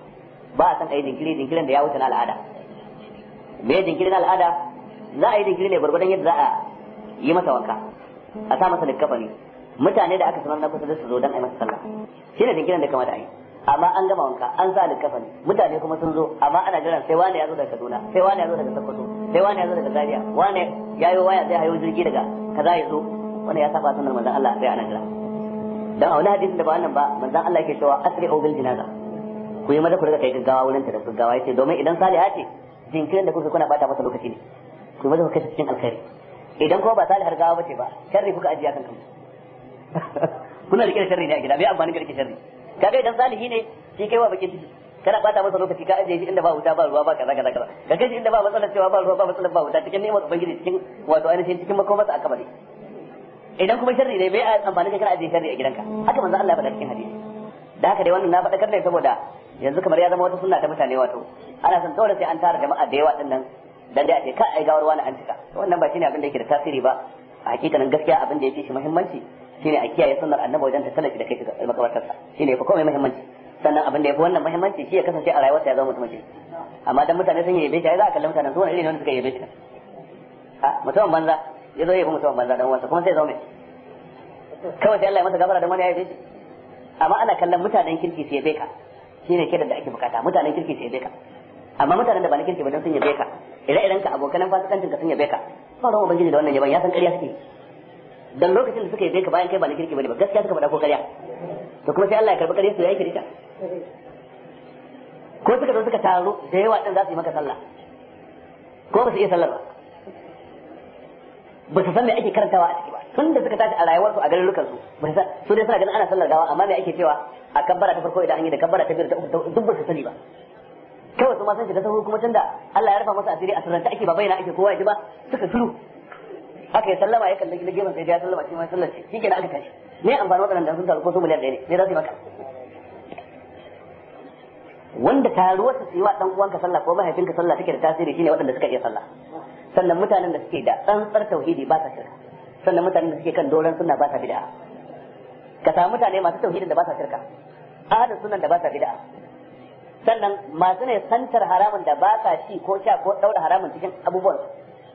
Speaker 1: ba a san a yi jinkiri jinkirin da ya wuce na al'ada me na al'ada za a yi jinkiri ne gwargwadon yadda za a yi masa wanka a sa masa likkafa mutane da aka sanar na kusa da su zo don a yi masa sallah shi ne jinkirin da kamata a yi amma an gama wanka an sa likkafa mutane kuma sun zo amma ana jiran sai wani ya zo daga kaduna sai wani ya zo daga sokoto sai wani ya zo daga zaria wani ya yi waya sai hayo jirgi daga kaza ya zo wani ya saba sunan manzon Allah sai ana jira da a wani hadisi da ba wannan ba manzon Allah yake cewa asri'u bil jinaza ku yi maza ku riga kai gaggawa wurin ta da gaggawa yace domin idan saliha ce jinkirin da kuka kuna bata masa lokaci ne ku yi maza ku kashe cikin alkhairi idan kuma ba salihar gawa bace ba sharri kuka ajiya kan kanku kuna rike da sharri ne a gida bai amfani da rike sharri kaga idan salihi ne shi kai wa bakin ciki kana bata masa lokaci ka ajiye shi inda ba wuta ba ruwa ba kaza kaza kaza kaga shi inda ba matsalar cewa ba ruwa ba matsalar ba wuta cikin ne ubangiji cikin wato ainihin cikin makomarsa a kabari idan kuma sharri ne bai amfani kai kana ajiye sharri a gidanka haka manzo Allah ya faɗa cikin hadisi da haka dai wannan na faɗakar ne saboda yanzu kamar ya zama wata sunna ta mutane wato ana son kawai sai an tara jama'a da yawa dinnan dan dai ake ce ka ai gawar wani an cika wannan ba shine abin da yake da tasiri ba a hakikanin gaskiya abin da yake shi muhimmanci shine a kiyaye sunnar annabi wajen ta tallafi da kai ga makabartarsa shine fa komai muhimmanci sannan abin da yafi wannan muhimmanci shi ya kasance a rayuwarsa ya zama mutumci amma dan mutane sun yi shi za a kalli mutanen zuwa irin wanda suka bai shi a mutum banza ya zo ya fi mutuwan banza dan wansa kuma sai zaune kawai sai Allah ya masa gafara dan wani ya yi amma ana kallon mutanen kirki su yabe ka shine kiran da ake bukata mutanen kirki su yabe ka amma mutanen da ba na kirki ba dan sun yabe ka ire-iren ka abokanan fasikancin ka sun yabe ka ba ruwan ubangiji da wannan yaban ya san ƙarya suke dan lokacin da suka yabe ka bayan kai ba na kirki bane ba gaskiya suka faɗa ko ƙarya to kuma sai Allah ya karɓi ƙarya su yi kirka ko suka zo suka taro da yawa din za su yi maka sallah ko ba su iya sallar ba ba su san me ake karantawa a ciki ba tun da suka tashi a rayuwarsu a garurukan su ba su dai suna ganin ana sallar gawa amma me ake cewa a kabbara ta farko idan an yi da kabbara ta biyu ta uku duk ba su sani ba kawai su ma san shi ta sahu kuma tunda Allah ya rufa masa asiri a sirranta ake ba bayyana ake kowa ya ji ba suka shiru haka ya sallama ya kalli gefen sai ya sallama shi ma sallar shi shikenan aka tashi ne amfani waɗannan da sun taru ko su miliyan ɗaya ne ne za su yi maka wanda taruwarsa su yi wa dan uwanka sallah ko mahaifinka sallah take da tasiri shine waɗanda suka iya sallah sannan mutanen da suke da tsantsar tauhidi ba sa shirka sannan mutanen da suke kan doron sunna ba sa bid'a ka samu mutane masu tauhidin da ba sa shirka ahadin sunan da ba sa bid'a sannan masu ne santar haramun da ba sa shi ko sha ko daura haramun cikin abubuwan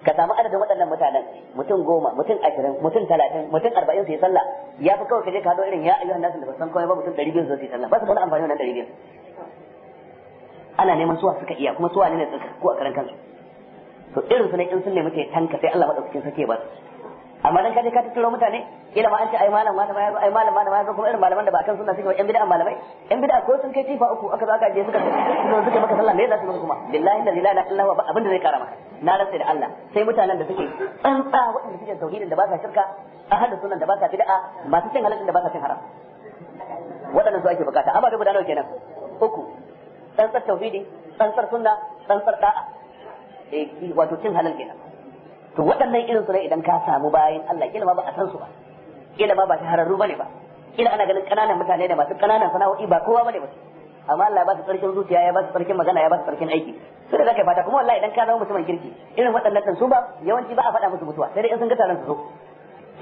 Speaker 1: ka samu adadin waɗannan mutanen mutum goma mutum ashirin mutum talatin mutum arba'in su yi sallah ya fi kawai ka je ka haɗo irin ya ayyuhan nasu da ba san kawai ba mutum ɗari biyu su yi sallah ba su wani amfani wannan ɗari biyu ana neman suwa suka iya kuma suwa ne ne ko a karan kansu to irin su ne in sun nemi ta tanka sai Allah madaukakin sake ya ba amma dan kaje ka tattaro mutane ila ma an ce ai malam ma ma yazo ai malam ma ma yazo kuma irin malaman da ba kan sunna suke yan bid'a malamai yan bid'a ko sun kai tifa uku aka zo aka je suka suka suka maka sallah me za su maka kuma billahi la ilaha illallah ba abin da zai kara maka na rasa da Allah sai mutanen da suke tsantsa waɗanda suke tauhidin da ba sa shirka hada sunan da ba sa bid'a masu cin halalin da ba sa cin haram waɗannan su ake bukata amma da gudanar kenan uku tsantsar tauhidi tsantsar sunna tsantsar da'a eh wato cin halal kenan to waɗannan irin su ne idan ka samu bayan Allah kila ma ba a san su ba kila ma ba shahararru bane ba kila ana ganin kananan mutane da masu kananan sana'o'i ba kowa bane ba amma Allah ya ba su tsarkin zuciya ya ba su tsarkin magana ya ba su tsarkin aiki su da zaka fata kuma wallahi idan ka zama mutumin kirki irin waɗannan kan su ba yawanci ba a faɗa musu mutuwa sai dai in sun ga taron su zo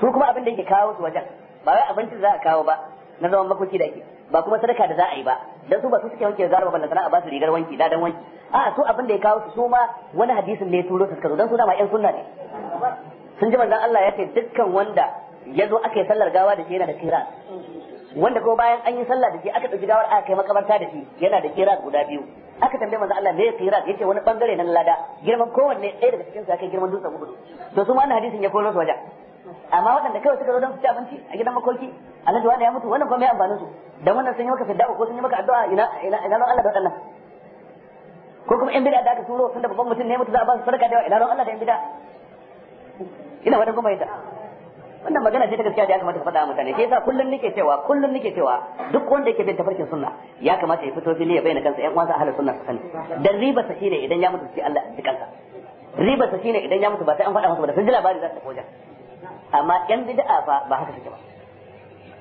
Speaker 1: su kuma abin da yake kawo su wajen ba wai abincin za a kawo ba na zaman makoki da ke ba kuma sadaka da za a yi ba dan su ba su suke wanke garba ballan sana'a ba su rigar wanki dan wanki a su abin da ya kawo su su ma wani hadisin ne ya turo su suka zo dan su dama yan sunna ne sun ji manzon Allah ya ce dukkan wanda ya zo aka yi sallar gawa da shi yana da kira wanda ko bayan an yi sallah da shi aka ɗauki gawar aka kai makabarta da shi yana da kira guda biyu aka tambaye manzo Allah me kira ce wani bangare na lada girman kowanne ɗaya daga cikin ya kai girman dutsen gudu. to su ma wannan hadisin ya koro su wajen amma waɗanda kawai suka zo don su ci abinci a gidan makoki alhaji wanda ya mutu wannan kuma mai amfanin su dan wannan sun yi maka fidda ko sun yi maka addu'a ina ina ina ran Allah da waɗannan ko kuma in bid'a da aka turo tunda babban mutum ne mutu za a ba su sadaka da yawa ina ran Allah da in bid'a ina wadan kuma yadda wannan magana ce ta gaskiya da ya kamata ka faɗa mutane shi yasa kullun nake cewa kullun nake cewa duk wanda yake bin tafarkin sunna ya kamata ya fito fili ya bayyana kansa ƴan uwansa ahlus sunna su sani dan riba sa shine idan ya mutu sai Allah ya ji riba sa shine idan ya mutu ba sai an faɗa masa ba da sun ji labari za su tafi wajen amma yan bid'a fa ba haka suke ba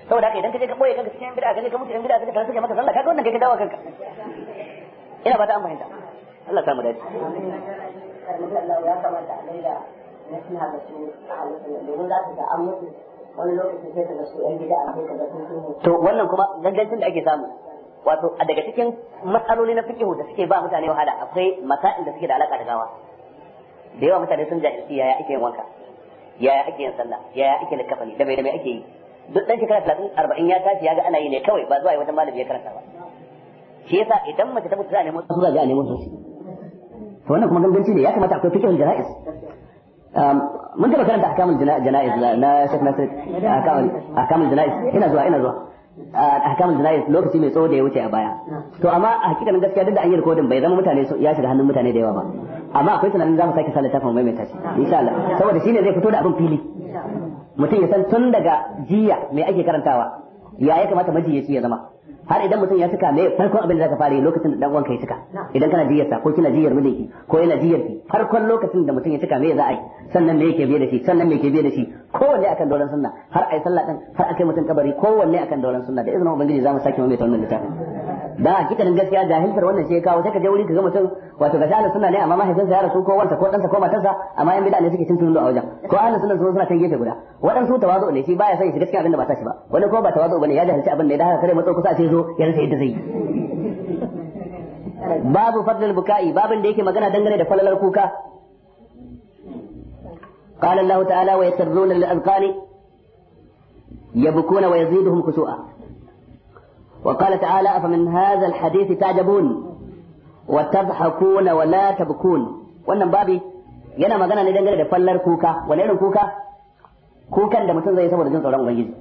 Speaker 1: saboda haka idan ka je ka boye kanka cikin yan bid'a ka je ka mutu yan bid'a ka je ka suke maka sallah kaga wannan kai ka dawo kanka ina ba ta an fahimta Allah samu dace to wannan kuma gangancin da ake samu wato a daga cikin matsaloli na fiƙe da suke ba mutane wahala akwai masa'il da suke da alaka da gawa da yawa mutane sun jahilci yaya ake yin wanka yaya ake yin sallah yaya ake likafani da mai da mai ake yi duk dan shekara 30 40 ya tashi ya ga ana yi ne kawai ba zuwa wajen malami ya karanta ba shi yasa idan mace ta mutu za a nemo su za a nemo su to wannan kuma ganganci ne ya kamata akwai fikirin jana'iz mun taba karanta a kamun jana'iz na Sheikh Nasir a kamun jana'iz ina zuwa ina zuwa a ahkamul jana'iz lokaci mai tsawo da ya wuce a baya to amma a hakikanin gaskiya duk da an yi rikodin bai zama mutane ya shiga hannun mutane da yawa ba amma akwai tunanin za mu sake sa littafin maimaita shi insha Allah saboda shine zai fito da abin fili mutum ya san tun daga jiya me ake karantawa ya ya kamata majiyaci ya zama har idan mutum ya cika me farkon abin da zaka fara lokacin da dan ka ya cika idan kana jiyar ko kina jiyar miliki ko yana jiyar ki farkon lokacin da mutum ya cika me za a yi sannan me yake biye da shi sannan me yake biye da shi kowanne akan dauran sunna har ai sallah din har akai mutum kabari kowanne akan dauran sunna da izinin ubangiji zamu sake maimaita wannan littafin da hakikanin gaskiya jahiltar wannan shi ya kawo sai ka je wuri ka ga mutum wato ga ahlus sunna ne amma mahaifinsa ya rasu ko wansa ko ɗansa ko matarsa amma yan bid'a ne suke cin tunu a wajen ko ahlus sunna sun suna can gefe guda waɗansu tawazu ne shi baya son shi gaskiya abinda ba ta shi ba wani ko ba tawazu bane ya jahilci abin da ya haka kare matso kusa sai zo ya rasa yadda zai yi. babu fadlul buka'i babin da yake magana dangane da falalar kuka قال الله تعالى ويسرون للأذقان يبكون ويزيدهم خشوعا وقال تعالى فمن هذا الحديث تعجبون وتضحكون ولا تبكون wannan babi yana magana ne dangane da fallar kuka wani irin kuka kukan da mutum zai saboda jin tsoron ubangiji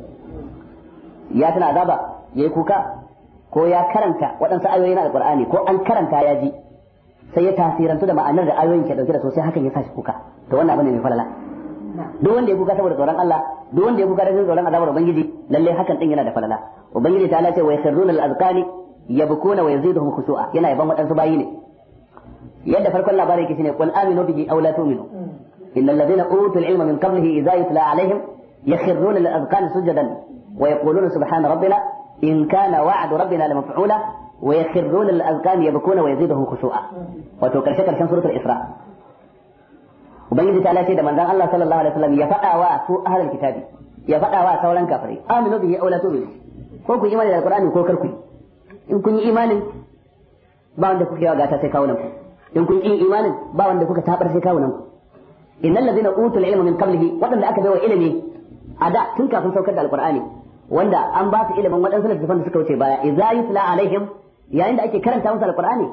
Speaker 1: ya tana azaba yayi kuka ko ya karanta waɗansu ayoyi na alqur'ani ko an karanta ya ji sai ya tasirantu da ma'anar da ayoyin ke dauke da sosai hakan ya sa shi kuka to wannan abin ne mai falala duk wanda ya kuka saboda tsoron Allah duk wanda ya kuka da tsoron azabar ubangiji lalle hakan din yana da falala ubangiji ta Allah ce wa yakhruna al-azqani yabkuna wa yaziduhum khusua yana yaban wadansu bayi ne yadda farkon labarin yake shine qul aminu bihi aw la tu'minu innal ladina utul ilma min qablihi idza yutla alaihim yakhruna al-azqani sujadan wa yaquluna subhana rabbina in kana wa'du rabbina la wa lamaf'ula azqani الأذقان wa yaziduhum khusua wato karshe karshen suratul isra ubangiji ta lace da manzon Allah sallallahu alaihi wasallam ya faɗa wa su ahlul kitabi ya faɗa wa sauran kafirai aminu bihi aw la tu'minu ko ku imani da alqur'ani ko kar in kun yi imanin ba wanda kuke yawa gata sai kawunan ku in kun yi imanin ba wanda kuka tabar sai kawunan ku innal ladina utul ilma min qablihi wadanda aka baiwa ilimi a da tun kafin saukar da alqur'ani wanda an ba su ilimin waɗansu littattafan da suka wuce baya idza yutla alaihim yayin da ake karanta musu alqur'ani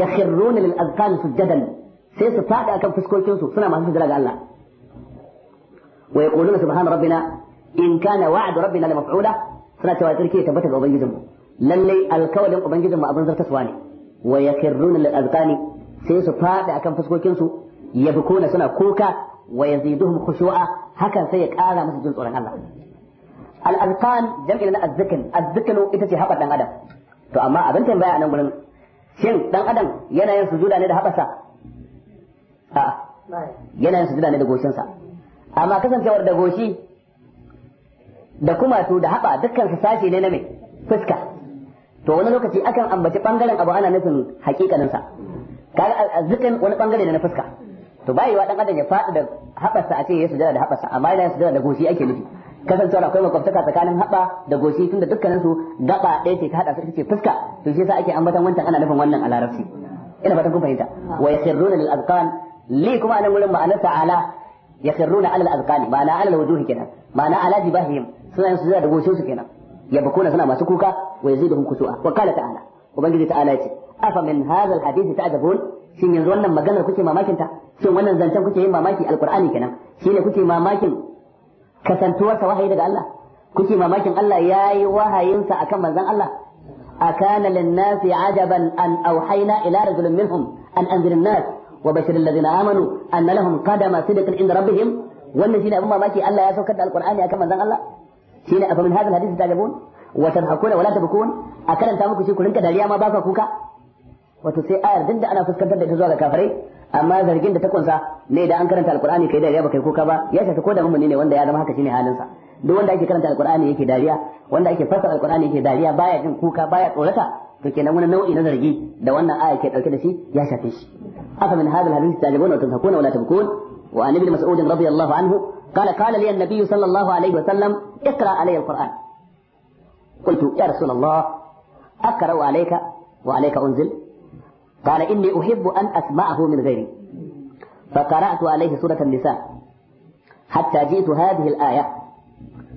Speaker 1: yakhruna lil azqan sujadan sai su fada akan fuskokin suna masu sujada ga Allah wa yaquluna subhana rabbina in kana wa'du rabbina la maf'ula suna cewa tsarki ya tabbata ga ubangijin mu lalle alkawalin ubangijin mu abin zartaswa ne wa yakirruna lil azqani sai su fada akan fuskokin yabkuna suna kuka wa yaziduhum khushu'a hakan sai ya kara musu jin tsoron Allah al azqan jam'i na azzikn azziknu ita ce haɓar dan adam to amma abin tambaya a nan gurin shin dan adam yana yin sujuda ne da haɓasa yana yin sujuda ne da goshinsa amma kasancewar da goshi da kumatu da haɓa dukkan su sashe ne na mai fuska to wani lokaci akan ambaci bangaren abu ana nufin hakikaninsa kaga azzikin wani bangare ne na fuska to bayi wa dan adam ya faɗi da haɓarsa a ce ya sujuda da haɓarsa amma yana sujuda da goshi ake nufi kasancewar akwai makwabtaka tsakanin haɓa da goshi da dukkanin su gaba ɗaya ce ka haɗa su ita ce fuska to shi yasa ake ambatan wancan ana nufin wannan a larabci ina fatan kun fahimta wa yakhruna lil azqan li kuma anan gurin ma'anar ala ya khirruna alal azqani ma'ana alal wujuhi kenan ma'ana ala jibahihim suna yin sujada da goshin su kenan ya yabkuna suna masu kuka wa yaziduhum kusu'a wa qala ta'ala ubangiji ta'ala ce. afa min hadha ta ta'jabun shin yanzu wannan maganar kuke mamakin ta shin wannan zancen kuke yin mamaki alqur'ani kenan shine kuke mamakin kasantuwar sa wahayi daga Allah kuke mamakin Allah yayi wahayinsa akan manzon Allah akana lin-nasi ajaban an awhayna ila rajulin minhum an anzir an-nas وبشر الذين آمنوا أن لهم قدم صدق عند ربهم wannan shine abin mamaki Allah ya saukar da alqur'ani akan manzon Allah shine afa min hadal hadisi tajabun wa tadhakuna wa la tabkun a karanta muku shi ku rinka dariya ma ba ka kuka wato sai ayar duk da ana fuskantar da ita zuwa ga kafirai amma zargin da ta kunsa ne da an karanta alqur'ani kai dariya ba kai kuka ba ya shafi ko da mamuni ne wanda ya zama haka shine halin sa. duk wanda ake karanta alqur'ani yake dariya wanda ake fassara alqur'ani yake dariya baya jin kuka baya tsorata to kenan wani nau'i na zargi da wannan aya ke dauke da shi ya shafe shi أفمن هذا الحديث تعجبون وتضحكون ولا تبكون وعن ابن مسعود رضي الله عنه قال قال لي النبي صلى الله عليه وسلم اقرأ علي القرآن قلت يا رسول الله أقرأ عليك وعليك أنزل قال إني أحب أن أسمعه من غيري فقرأت عليه سورة النساء حتى جئت هذه الآية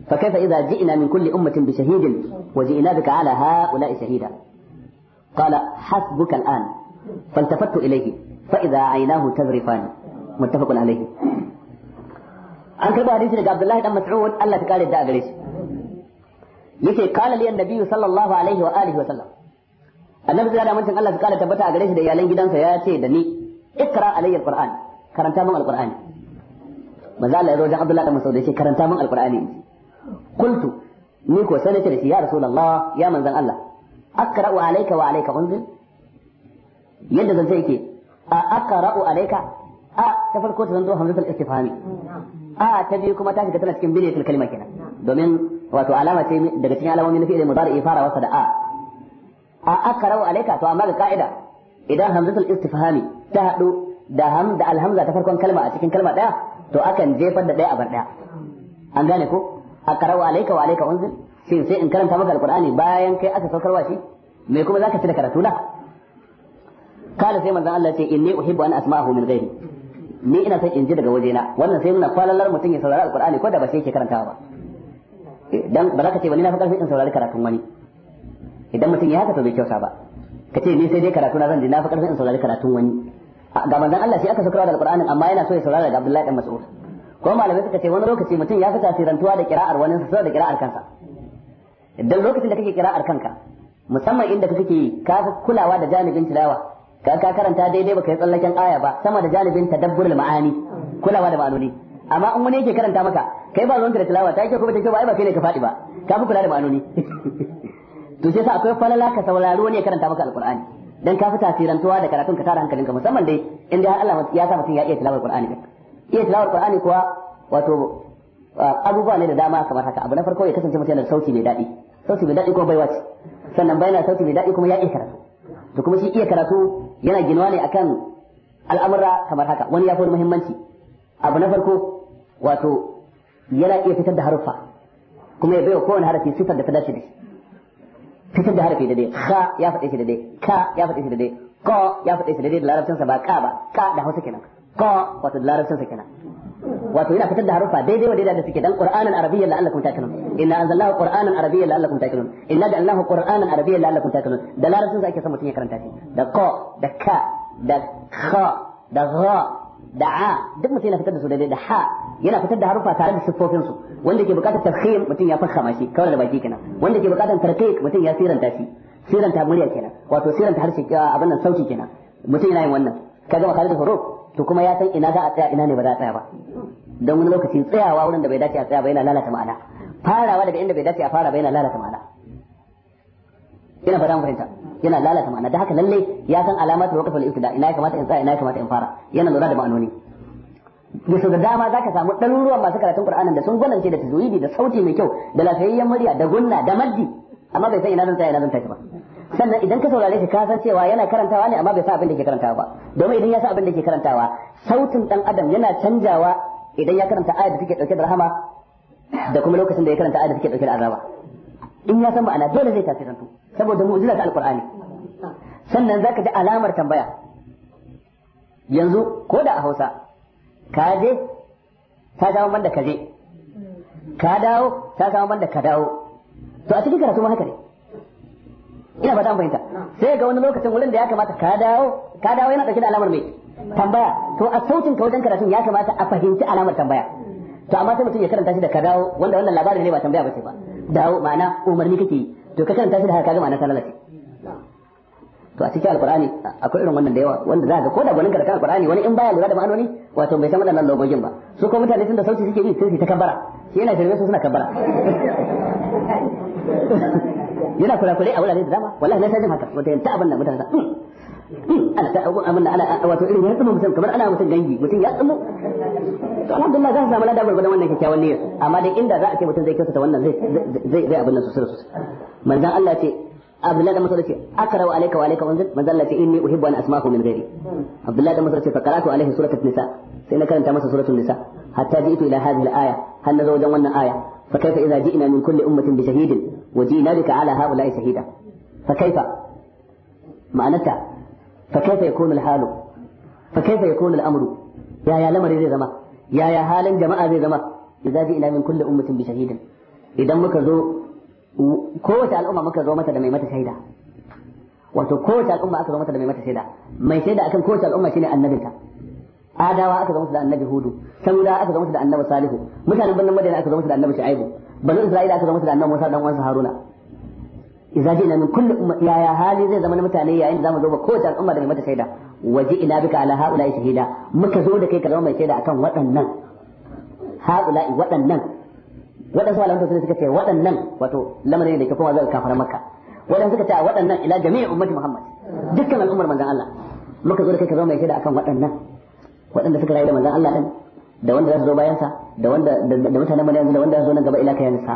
Speaker 1: فكيف إذا جئنا من كل أمة بشهيد وجئنا بك على هؤلاء شهيدا قال حسبك الآن فالتفت إليه fa idza aynahu tazrifan muttafaqun alayhi an karɓi hadisi daga Abdullahi dan Mas'ud Allah ta kare da gare shi yace qala li annabi sallallahu alaihi wa alihi wa sallam annabi sai da mun Allah ta kare tabbata a gare shi da iyalan gidansa ya ce da ni ikra alayya alquran karanta min alqurani manzo Allah ya zo da Abdullahi dan Mas'ud yace karanta min alqurani qultu ni ko sai nace da shi ya Allah wa zan a aqra'u alayka a ta farko ta zanto hamzatul istifhami a ta biyu kuma ta shiga tana cikin biliyatul kalma kenan domin wato alama ce daga cikin alamomin nufi da mudari fara wasa da a a aqra'u alayka to amma ga ka'ida idan hamzatul istifhami ta hadu da ham da alhamza ta farkon kalma a cikin kalma daya to akan jefar da daya a bar daya an gane ko aqra'u alayka wa alayka unzil shin sai in karanta maka alqur'ani bayan kai aka saukarwa shi me kuma zaka ci da karatu na kala sai manzon Allah ce inni uhibbu an asma'ahu min ghairi ni ina son in ji daga wajena wannan sai nuna kwalallar mutum ya saurari alqur'ani ko da ba sai yake karantawa ba eh, dan ba za ka ce ba ni na fi karfin in saurari karatun wani idan mutum ya haka to bai kyauta ba ka ce ni sai dai karatu na zan ji na fi karfin in saurari karatun wani ga manzon Allah sai aka saukar da alqur'anin amma yana so ya saurari daga Abdullahi dan Mas'ud ko malamai suka ce wani lokaci mutum ya fi tasirantuwa da kira'ar wani sa da kira'ar kansa idan lokacin da kake kira'ar kanka musamman inda kake ka fi kulawa da janibin tilawa ka ka karanta daidai baka yi tsallaken aya ba sama da janibin tadabburul ma'ani kulawa da ma'anoni amma in wani yake karanta maka kai ba zan da tilawa ta yake ko bata ba ai ba kai ne ka faɗi ba ka fi kula da ma'anoni to sai sa akwai falala ka saurari wani ya karanta maka alqur'ani dan ka fi tasirantuwa da karatun ka tara hankalinka musamman dai in dai Allah ya sa mutum ya iya tilawar qur'ani iya tilawar qur'ani kuwa wato abubuwa ne da dama kamar haka abu na farko ya kasance mutum yana da sauti mai daɗi sauti mai daɗi kuma baiwa ce sannan bayan sauti mai daɗi kuma ya iya karatu to kuma shi iya karatu yana ginuwa ne akan al'amura kamar haka wani ya fi muhimmanci abu na farko wato yana iya fitar da haruffa kuma ya baiwa kowane harafi sifar da ta dace da shi fitar da harafi daidai kha ya faɗe shi daidai ka ya faɗe shi daidai ko ya faɗe shi daidai da larabcinsa ba ka ba ka da hausa kenan ko wato da larabcinsa kenan wato yana fitar da harufa daidai wanda da suke dan qur'anan arabiyyan la'allakum takilun inna anzalnahu qur'anan arabiyyan la'allakum takilun inna ja'alnahu qur'anan arabiyyan la'allakum takilun da larabcin sa ake son mutum ya karanta shi da qa da ka da kha da gha da a duk mutum yana fitar da su daidai da ha yana fitar da harufa tare da siffofin su wanda ke bukatar tafkhim mutum ya fakhama shi kawai da baki kenan wanda ke bukatar tarqiq mutum ya siranta shi siranta murya kenan wato siranta harshe abin nan sauti kenan mutum yana yin wannan kaga ba tare da huruf to kuma ya san ina za a tsaya ina ne ba za a tsaya ba don wani lokaci tsayawa wurin da bai dace a tsaya ba yana lalata ma'ana farawa daga inda bai dace a fara ba yana lalata ma'ana ina fara fahimta yana lalata ma'ana da haka lalle ya san alamatu waqfal ibtida ina ya kamata in tsaya ina ya kamata in fara yana lura da ma'anoni da su da dama za ka samu ɗaruruwan masu karatun Qur'anin da sun gwanance da tajwidi da sauti mai kyau da lafiyayyen murya da gunna da maddi amma bai san ina zan tsaya ina zan tashi ba sannan idan ka saurare shi ka san cewa yana karantawa ne amma bai sa abin da ke karantawa ba domin idan ya sa abin da ke karantawa sautin dan adam yana canjawa idan ya karanta ayat da take dauke da rahama da kuma lokacin da ya karanta ayat da take dauke da azaba in ya san ma'ana dole zai tasirantu saboda mu'jiza ta alqur'ani sannan zaka ji alamar tambaya yanzu ko da a Hausa ka je ta dawo banda ka je ka dawo ta dawo banda ka dawo to a cikin karatu ma haka ne ina fata an fahimta sai ga wani lokacin wurin da ya kamata ka dawo ka dawo yana dauke da alamar mai tambaya to a sautin ka wajen karatun ya kamata a fahimci alamar tambaya to amma sai mutum ya karanta shi da ka dawo wanda wannan labarin ne ba tambaya bace ba dawo ma'ana umarni kake yi to ka karanta shi da haka ga ma'ana ta lalace to a cikin alqur'ani akwai irin wannan da yawa wanda za ka ko da gwanin karatun alqur'ani wani in baya lura da ma'anoni wato bai san wadannan logogin ba su ko mutane tunda sauti suke yi sai su ta kabbara shi yana shirme su suna kabbara
Speaker 2: yana kurakurai a wurare da dama
Speaker 1: wallahi na sajin haka wata yanta abin da mutane hmm. hmm. ana ta abun abin da ana wato irin ya tsamo mutum kamar ana mutum gangi mutum ya tsamo to alhamdulillah za su samu ladan gurgurdan wannan kyakkyawan niyyar amma dai inda za a ce mutum zai kyautata wannan zai zai abin nan sosai sosai manzon Allah ce عبد الله مصر أقرأ عليك وعليك وانزل من ذا إني أحب أن أسمعه من غيري عبد الله مصر فقرأت عليه سورة النساء سينا كان تمس سورة النساء حتى جئت إلى هذه الآية هل نزل جوانا آية فكيف إذا جئنا من كل أمة بشهيد وجئنا بك على هؤلاء شهيدا فكيف معناتها فكيف يكون الحال فكيف يكون الأمر يا يا لمر ذي زمان يا يا حالا جماعة ذي زمان إذا جئنا من كل أمة بشهيد إذا مكزو kowace al'umma muka zo mata da mai mata shaida wato kowace al'umma aka zo mata da mai mata shaida mai shaida akan kowace al'umma shine annabinta adawa aka zo musu da annabi hudu sauda aka zo musu da annabi salihu mutanen birnin madina aka zo musu da annabi shu'aibu banu isra'ila aka zo musu da annabi musa dan wansa haruna idza jina min kulli umma yaya hali zai zama na mutane yayin da zamu zo ba kowace al'umma da mai mata shaida waji ila bika ala haula shahida muka zo da kai ka zama mai shaida akan waɗannan haula waɗannan waɗansu malaman tafsiri suka ce waɗannan wato lamarin da ke koma zai kafara makka waɗansu suka ce waɗannan ila jami'i ummati muhammad dukkan al'ummar manzon Allah muka zo da kai ka zama mai shaida akan waɗannan waɗanda suka rayu da manzon Allah din da wanda za su zo bayan sa da wanda da mutanen mu yanzu da wanda za su zo nan gaba ila kayan sa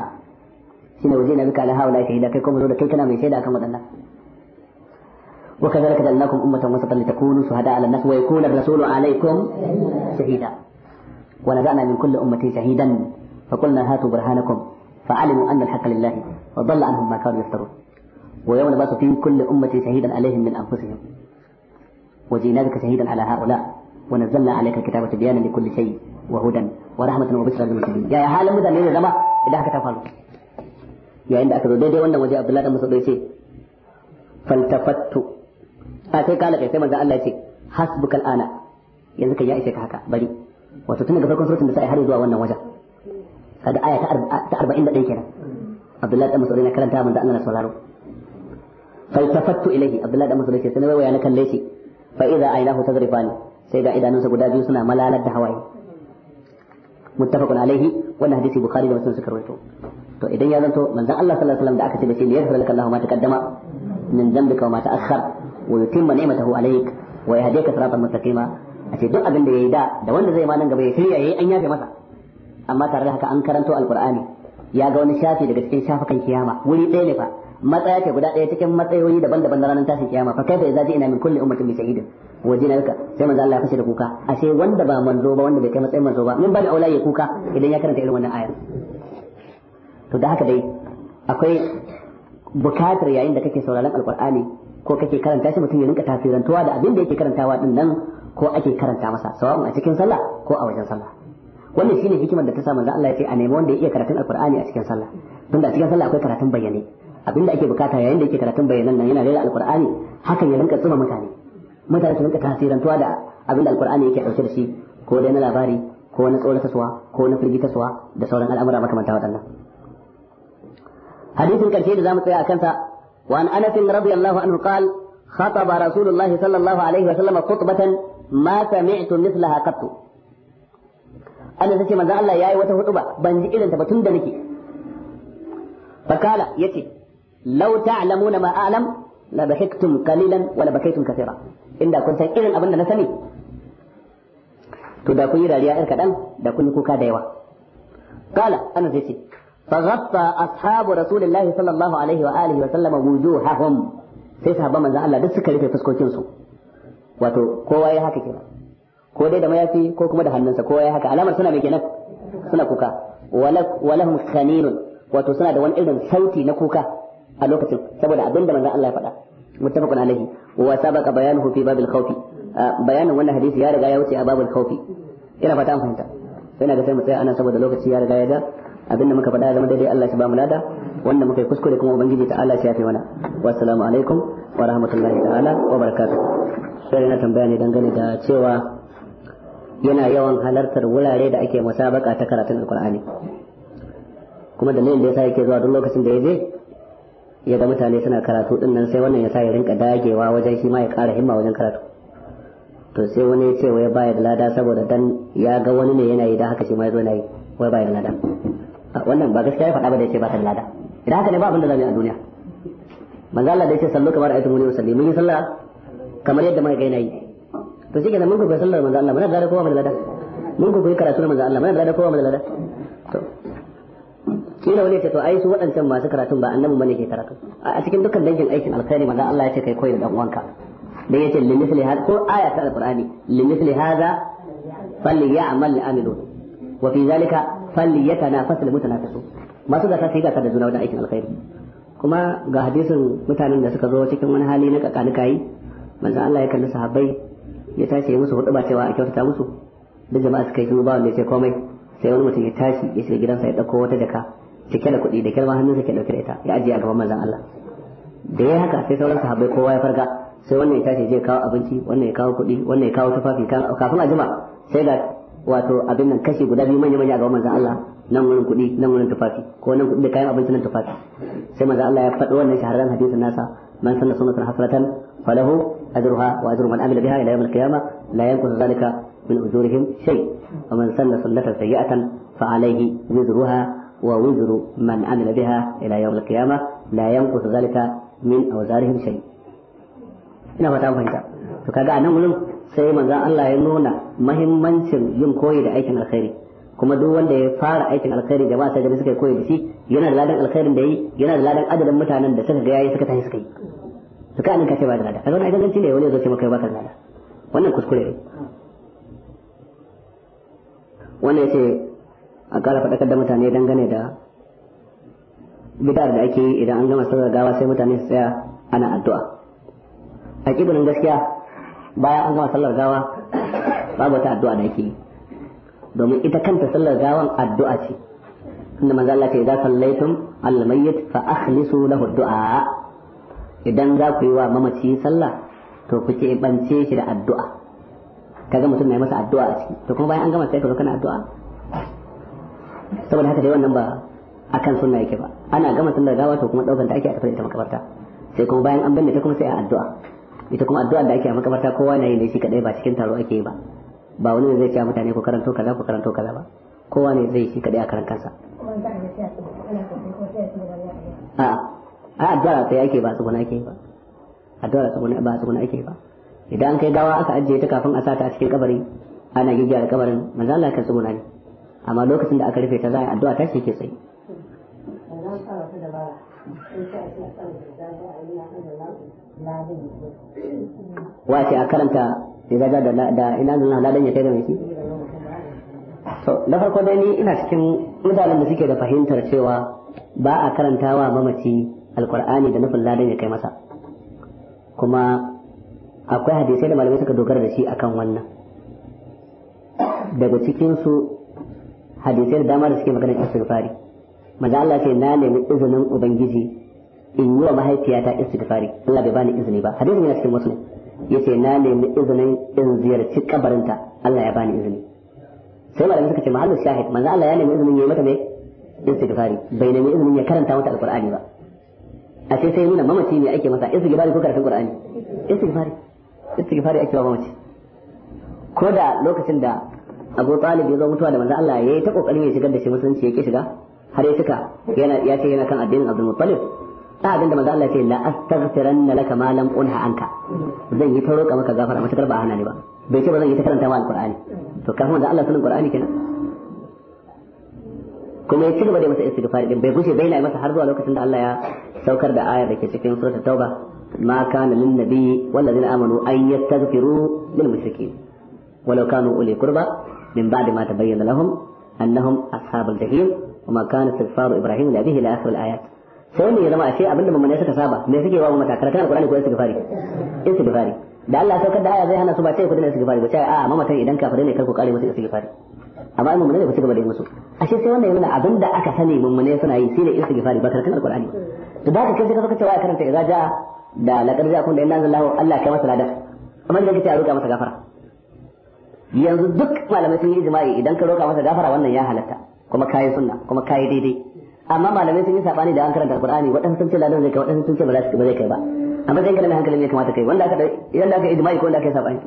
Speaker 1: shine waje na bika la hawla wala shahida kai kuma zo da kai kana mai shaida akan waɗannan وكذلك جعلناكم أمة وسطا لتكونوا شهداء على الناس ويكون الرسول عليكم شهيدا ونزعنا من كل أمة شهيدا فقلنا هاتوا برهانكم فعلموا أن الحق لله وضل عنهم ما كانوا يفترون ويوم نبعث في كل أمة شهيدا عليهم من أنفسهم بك شهيدا على هؤلاء ونزلنا عليك الكتاب تبيانا لكل شيء وهدى ورحمة وبشرى للمسلمين يا هالا مدى من الزمع إذا حكت أفعله يا عند أكثر دي دي وانا وجي عبد الله رمسو دي شيء فالتفت أتي قالك يسيما زال الله شيء حسبك الآن ينزك يا إشيك حكا بلي وتتنى قفركم سرطة النساء هاري زوا وانا وجه kaga aya ta arba'in da 41 kenan Abdullahi dan Mas'ud na karanta mun da Allah na sauraro falsafattu ilaihi Abdullahi dan Mas'ud sai na waya na kalle shi fa idza aynahu tadrifani sai ga idanunsa guda biyu suna malalar da hawaye muttafaqun alaihi wannan hadisi bukhari da muslim suka rawaito to idan ya zanto manzon Allah sallallahu alaihi wasallam da aka ce da shi yaghfir lak Allahu ma taqaddama min dhanbika wa ma ta'akhkhar wa yutimma ni'matahu alayk wa yahdika siratan mustaqima a ce duk abin da yi da da wanda zai ma nan gaba ya shirya yayi an yafe masa amma tare da haka an karanto alqur'ani ya ga wani shafi daga cikin shafukan kiyama wuri ɗaya ne fa matsaya ce guda ɗaya cikin matsayoyi daban-daban na ranar tashin kiyama fa kaifa idza ina min kulli ummatin bi shahidin waje jina ka sai manzo Allah ya fashe da kuka ashe wanda ba manzo ba wanda bai kai matsayin manzo ba min ba da aula ya kuka idan ya karanta irin wannan aya to da haka dai akwai bukatar yayin da kake sauraron alqur'ani ko kake karanta shi mutum ya rinka tasirantuwa da abin da yake karantawa din nan ko ake karanta masa sawa'un a cikin sallah ko a wajen sallah wannan shine hikimar da ta sa manzo Allah ya ce a nemi wanda ya iya karatun alqur'ani a cikin sallah tunda a cikin sallah akwai karatun bayyane abinda ake bukata yayin da yake karatun bayyanan nan yana rera alqur'ani hakan ya rinka tsuma mutane mutane su rinka tasirantuwa da abinda alqur'ani yake dauke da shi ko dai na labari ko na tsoratarwa ko na firgitarwa da sauran al'amura makamanta waɗannan hadisin karshe da zamu tsaya a kansa wa an anas radiyallahu anhu qala خطب رسول الله صلى الله عليه وسلم خطبة ما سمعت مثلها قط ana sace manzon Allah yayi wata hutuba ban ji irin ta ba tun da nake fakala yace law ta'lamuna ma a'lam la bahiktum qalilan wa la bakaytum kathira inda kun san irin abin da na sani to da kun yi dariya yar kadan da kun yi kuka da yawa kala ana sai ce faghaffa ashabu rasulillahi sallallahu alaihi wa alihi wa sallama wujuhahum sai sahabban manzon Allah duk suka rufe fuskokin su wato kowa ya haka kenan ko dai da mayafi ko kuma da hannunsa ko ya haka alamar suna mai kenan suna kuka walahum khanirun wato suna da wani irin sauti na kuka a lokacin saboda abin da manzon Allah ya faɗa muttafaqun alaihi wa sabaqa bayanuhu fi babil khawfi bayanin wannan hadisi ya riga ya wuce a babul khawfi ina fata an fahimta sai na ga sai mu tsaya anan saboda lokaci ya riga ya ga abin da muka faɗa ya zama daidai Allah shi ba mu lada wanda muka yi kuskure kuma ubangiji ta Allah shi ya fi mana wassalamu alaikum wa rahmatullahi ta'ala wa barakatuh sai na tambaya ne dangane da cewa yana yawan halartar wurare da ake musabaka ta karatun alkur'ani kuma da da yasa yake zuwa duk lokacin da ya je ya ga mutane suna karatu din nan sai wannan ya sa ya rinka dagewa wajen shi ma ya ƙara himma wajen karatu to sai wani ya ce wai baya da lada saboda dan ya ga wani ne yana yi da haka shi ma ya zo na yi wai baya da lada wannan ba gaskiya ya faɗa ba da ya ce ba ta da lada idan haka ne ba abin da zamu yi a duniya manzo Allah da yake sallu kamar ayatu muni usalli mun yi sallah kamar yadda muka ga yana yi to shi kenan mun ku sallar manzo Allah muna da kowa mai lada mun ku koyi karatu na manzo Allah muna da kowa mai to to kila wani ya ce to ai su waɗancan masu karatun ba annabi bane ke karatu a cikin dukkan dangin aikin alkhairi manzo Allah ya ce kai koyi da dan uwanka da yace limisli hada ko aya ta alqur'ani limisli hada falyamal amilun wa fi zalika falli ta mutanafisu masu da sai ga da juna wajen aikin alkhairi kuma ga hadisin mutanen da suka zo cikin wani hali na kakani kai manzo Allah ya kalli sahabbai ya tashi ya musu hudu ba cewa a kyautata musu duk jama'a suka yi shiru ba wanda ya ce komai sai wani mutum ya tashi ya shiga gidansa ya ɗauko wata jaka cike da kuɗi da kyalma hannunsa ke ɗauke da ita ya ajiye a gaban manzon Allah da ya haka sai sauran sahabbai kowa ya farga sai wannan ya tashi ya kawo abinci wannan ya kawo kuɗi wannan ya kawo tufafi kafin a jima sai ga wato abin nan kashi guda biyu manya manya a gaban manzon Allah nan wurin kuɗi nan wurin tufafi ko nan kuɗi da kayan abinci nan tufafi sai manzon Allah ya faɗi wannan shahararren hadisin nasa man sanna sunnatan hasratan falahu أدرها وأدر من أمل بها إلى يوم القيامة لا ينقص ذلك من أجورهم شيء ومن سن سنة سيئة فعليه وزرها ووزر من أمل بها إلى يوم القيامة لا ينقص ذلك من أوزارهم شيء إن هو تعالى فهمت فكاد أن نملم سيما الله ينونا مهم منشن ينكوي لأيشن الخيري kuma duk wanda ya fara aikin alkhairi da ba sa da suka koyi da shi yana da ladan alkhairin da yi yana da ladan adadin mutanen da suka ga yayi suka tafi suka yi to ka ka ce ba da lada kaga wannan ganganci ne wani ya zo ce maka ba ka da lada wannan kuskure ne wannan yace a ƙara faɗakar da mutane dangane da bid'ar da ake yi idan an gama sallar gawa sai mutane su tsaya ana addu'a a kibirin gaskiya bayan an gama sallar gawa babu wata addu'a da ake yi domin ita kanta sallar gawan addu'a ce inda manzo Allah ce idza sallaitum al-mayyit fa akhlisu lahu du'a idan za ku yi wa mamaci sallah to ku ke bance shi da addu'a kaga mutum na yi masa addu'a a ciki to kuma bayan an gama sai ka zo kana addu'a saboda haka dai wannan ba akan sunna yake ba ana gama sallar gawa to kuma daukar da ake a tafi ita makabarta sai kuma bayan an binne ta kuma sai a addu'a ita kuma addu'a da ake a makabarta kowa na yin da shi kadai ba cikin taro ake yi ba ba wani ne zai ce mutane ko karanto kaza ko karanto kaza ba kowa ne zai shi kadai a karan kansa a'a a addu'a sai ake ba tsuguna ake ba addu'a tsuguna ba tsuguna ake ba idan kai gawa aka ajiye ta kafin a sata a cikin kabari ana gigiya da kabarin manzo Allah kan tsuguna ne amma lokacin da aka rufe ta za a addu'a ta shi ke tsaye
Speaker 2: wace a karanta
Speaker 1: ga da da ina zuna ladan ya kai da miki to na farko dai ni ina cikin mutanen da suke da fahimtar cewa ba a karantawa mamaci alkur'ani da nufin ladan ya kai masa kuma akwai hadisai da malamai suka dogara da shi akan wannan daga cikinsu hadisai da dama da suke maganar istighfari maza Allah ce na nemi izinin ubangiji in yi wa mahaifiyata istighfari Allah bai bani izini ba hadisin yana cikin muslim yace na nemi izinin in ziyarci kabarinta Allah ya bani izini sai malamai suka ce mahallu shahid maza Allah ya nemi izinin ya yi mata mai istighfari bai nemi izinin ya karanta mata alqur'ani ba a ce sai nuna mamaci ne ake masa istighfari ko karatun qur'ani istighfari istighfari ake ba mamaci ko da lokacin da Abu Talib ya zo mutuwa da manzo Allah yayi ta kokarin ya shigar da shi musulunci yake shiga har ya cika yana ya ce yana kan addinin Abdul Muttalib ta abin da manzo Allah ya ce la astaghfiranna laka ma lam unha anka zan yi ta roƙa maka gafara matakar ba hana ni ba bai ce ba zan yi ta karanta ma alqur'ani to kafin manzo Allah sunan qur'ani kenan kuma ya cigaba da masa istighfar din bai gushe bai na masa har zuwa lokacin da Allah ya saukar da ayar da ke cikin suratul tauba ma kana lin nabi wal ladina amanu ay yastaghfiru lil mushrikeen walau kanu uli qurba min ba'di ma tabayyana lahum annahum ashabul jahim wa ma kana وما ibrahim استغفار ابراهيم la akhir al ayat sai wanda ya zama ashe abin da mamman suka saba me suke wa mata karatun alqur'ani ko istighfari istighfari da Allah saukar da aya zai hana su ba sai ku dena istighfari ba sai a mamatan idan ka ne kar ku kare musu istighfari amma mu ne ba su gaba da musu ashe sai wannan yana abin da aka sani mummune suna yi sai da gifari ba karatun alqur'ani to da ka kace ka kace wa karanta idza ja da laqad kun da inna lillahi Allah kai masa ladan amma idan kace a masa gafara yanzu duk malamai sun yi ijma'i idan ka roka masa gafara wannan ya halatta kuma kai sunna kuma kai daidai amma malamai sun yi sabani da an karanta alqur'ani waɗansu sun ce ladan zai kai waɗansu sun ce ba zai kai ba amma matsayin kana hankalin hankali ne kamata kai wanda aka idan aka ijma'i ko wanda aka yi sabani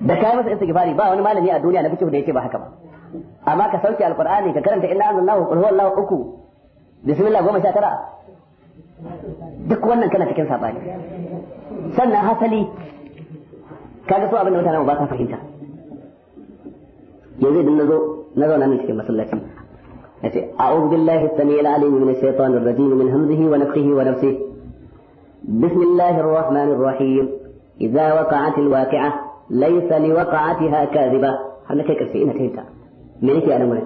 Speaker 1: da kai masa istighfari ba wani malami a duniya na fikihu da yake ba haka ba amma ka sauke alqur'ani ka karanta inna anzalallahu qul huwallahu uku bismillah goma sha tara duk wannan kana cikin sabani sannan hasali kaga so abin da mutane ba sa fahimta yanzu idan nazo na zauna min cikin masallaci nace a'udhu billahi as-sami'il 'alim minash shaitanir rajim min hamzihi wa nafthihi wa nafsihi بسم الله الرحمن الرحيم إذا وقعت الواقعة ليس لوقعتها كاذبة هل نكيك السئينة كيبتا من يكي ألمنا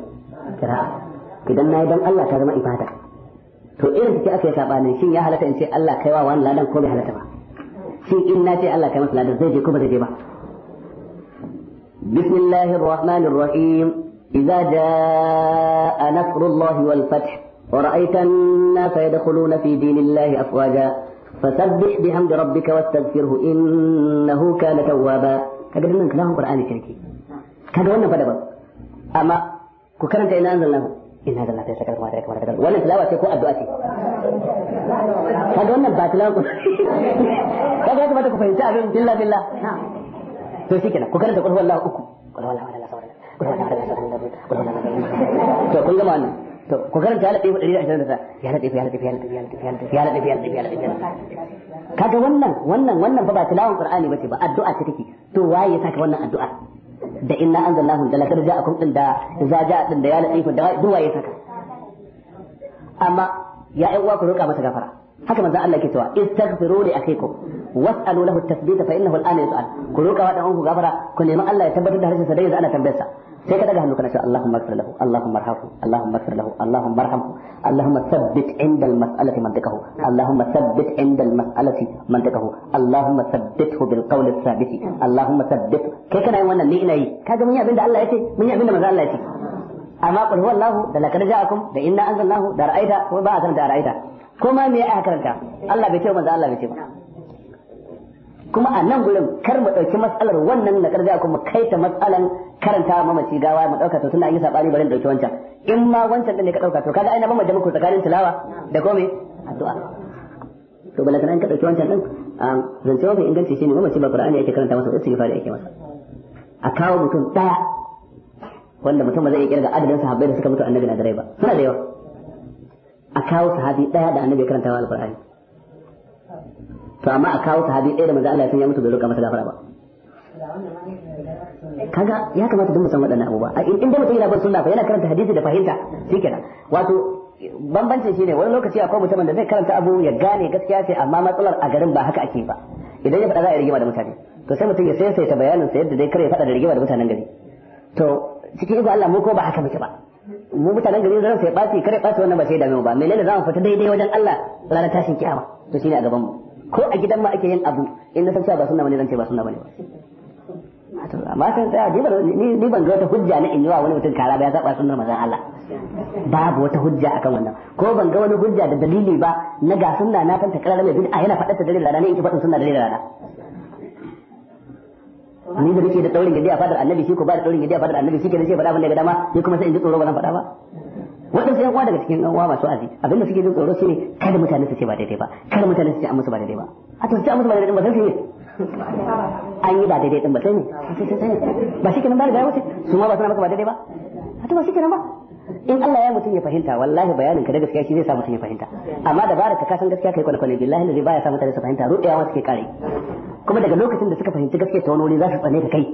Speaker 1: كراء إذا ما يدن الله كذا ما إبادة تو إرد كأفيا كابان شين يا هلا تنسي الله كيوا وان لا دن كومي هلا تبا إنا تي الله كمس لا دن زي جي كومي بسم الله الرحمن الرحيم إذا جاء نصر الله والفتح ورأيت الناس يدخلون في دين الله أفواجا فسبح بحمد ربك واستغفره إنه كان توابا كذا من كلام القرآن الكريم كذا ولا فدبر أما كذا أنت إن أنزلناه إن هذا الله تيسكر ما تيسكر ما تيسكر ولا تلاوة تيكو أدواتي كذا ولا باتلاوة كذا أنت ما تكو فهمت أبين بلا بلا نعم تيسي كنا كذا أنت قل هو الله أكو قل هو الله ولا لا سوى الله قل هو الله ولا لا سوى الله قل هو الله ولا لا سوى الله قل هو الله ولا لا سوى الله to ko karanta ya laɗe ɗari da ashirin da sa ya laɗe ya laɗe ya laɗe ya laɗe ya laɗe ya laɗe ya laɗe ya laɗe ya laɗe kaga wannan wannan wannan ba ba tilawan qur'ani bace ba addu'a ce take to waye ya saka wannan addu'a da inna anzalallahu jalla kada ja'akum din da za ja'a din da ya laɗe da duk waye ya saka amma ya ai uwa ku roƙa masa gafara haka manzo Allah ke cewa istaghfiru li akhikum was'alu lahu at-tathbita fa innahu al-ana yus'al ku roƙa wa dan uwanku gafara ku nemi Allah ya tabbatar da harshen sa dai yanzu ana tambayar sa sai ka daga hannu kana cewa Allahumma ighfir lahu Allahumma arhamhu Allahumma ighfir lahu Allahumma arhamhu Allahumma thabbit inda al-mas'alati mantiqahu Allahumma thabbit inda al-mas'alati mantiqahu Allahumma thabbithu bil qawl ath-thabit Allahumma thabbit kai kana yin wannan ne ina yi kaga mun yi abinda Allah yake mun yi abinda manzo Allah yake amma qul huwallahu da lakad ja'akum da inna anzalnahu da ra'aita ko ba a karanta ra'aita kuma me aka karanta Allah bai ce manzo Allah bai ce ba kuma a nan gurin kar mu ɗauki matsalar wannan na ƙarfi kuma kai ta matsalan karanta mamaci gawa mu ɗauka to tunda an yi saɓani bari ɗauki wancan in ma wancan ɗin ne ka ɗauka to kaga aina mamaje muku tsakanin tilawa da kome addu'a to bala kana ka ɗauki wancan ɗin zance mafi inganci shine mamaci ba Qur'ani yake karanta masa da yake masa a kawo mutum ɗaya wanda mutum ba zai iya kirga adadin sahabbai da suka mutu annabi na da rai ba suna da yawa a kawo sahabi ɗaya da annabi karantawa alqur'ani to amma a kawo sahabi ɗaya da manzo Allah ya san mutu bai roƙa masa gafara ba
Speaker 2: kaga ya kamata duk
Speaker 1: musamman san waɗannan abubuwa in inda mutum yana bin sunna fa yana karanta hadisi da fahimta shikenan wato bambancin shine wani lokaci akwai mutumin da zai karanta abu ya gane gaskiya ce amma matsalar a garin ba haka ake ba idan ya faɗa za a yi rigima da mutane to sai mutum ya sai ta bayanin sa yadda dai kare ya faɗa da rigima da mutanen gari to cikin iko Allah mu ko ba haka muke ba mu mutanen gari zan sai ɓaci kare ɓaci wannan ba sai ya mu ba menene za mu fita daidai wajen Allah ranar tashin kiyama to shine a gaban mu ko a gidan ma ake yin abu in na san cewa ba sunna bane zan ce ba sunna bane amma san tsaya ni ban ga wata hujja na in yi wa wani mutum kara ba ya saba sunnar manzon Allah babu wata hujja akan wannan ko ban ga wani hujja da dalili ba na ga sunna na fanta karar mai bid'a yana faɗa ta dalilin rana ne ki fadin sunna dalilin rana ni da nake da taurin gadi a fadar annabi shi ko ba da taurin gadi a fadar annabi shi ke da shi faɗa ban da gada dama ni kuma sai in ji tsoro ba zan faɗa ba waɗansu yan uwa daga cikin yan uwa masu azi abinda suke jin tsoro shine kada mutane su ce ba daidai ba kada mutane su ce an musu ba daidai ba a to su ce an musu ba daidai ba
Speaker 2: sai
Speaker 1: ne an yi ba daidai din ba sai ne ba shi kenan ba da ya wuce su ma ba suna maka ba daidai ba a to ba shi kenan ba in Allah ya mutum ya fahimta wallahi bayanin ka da gaskiya shi zai sa mutum ya fahimta amma dabara ka kasan gaskiya kai kwalkwale billahi ne baya sa mutane su fahimta rudewa ma suke kare kuma daga lokacin da suka fahimci gaskiya ta wani wuri za su tsane ka kai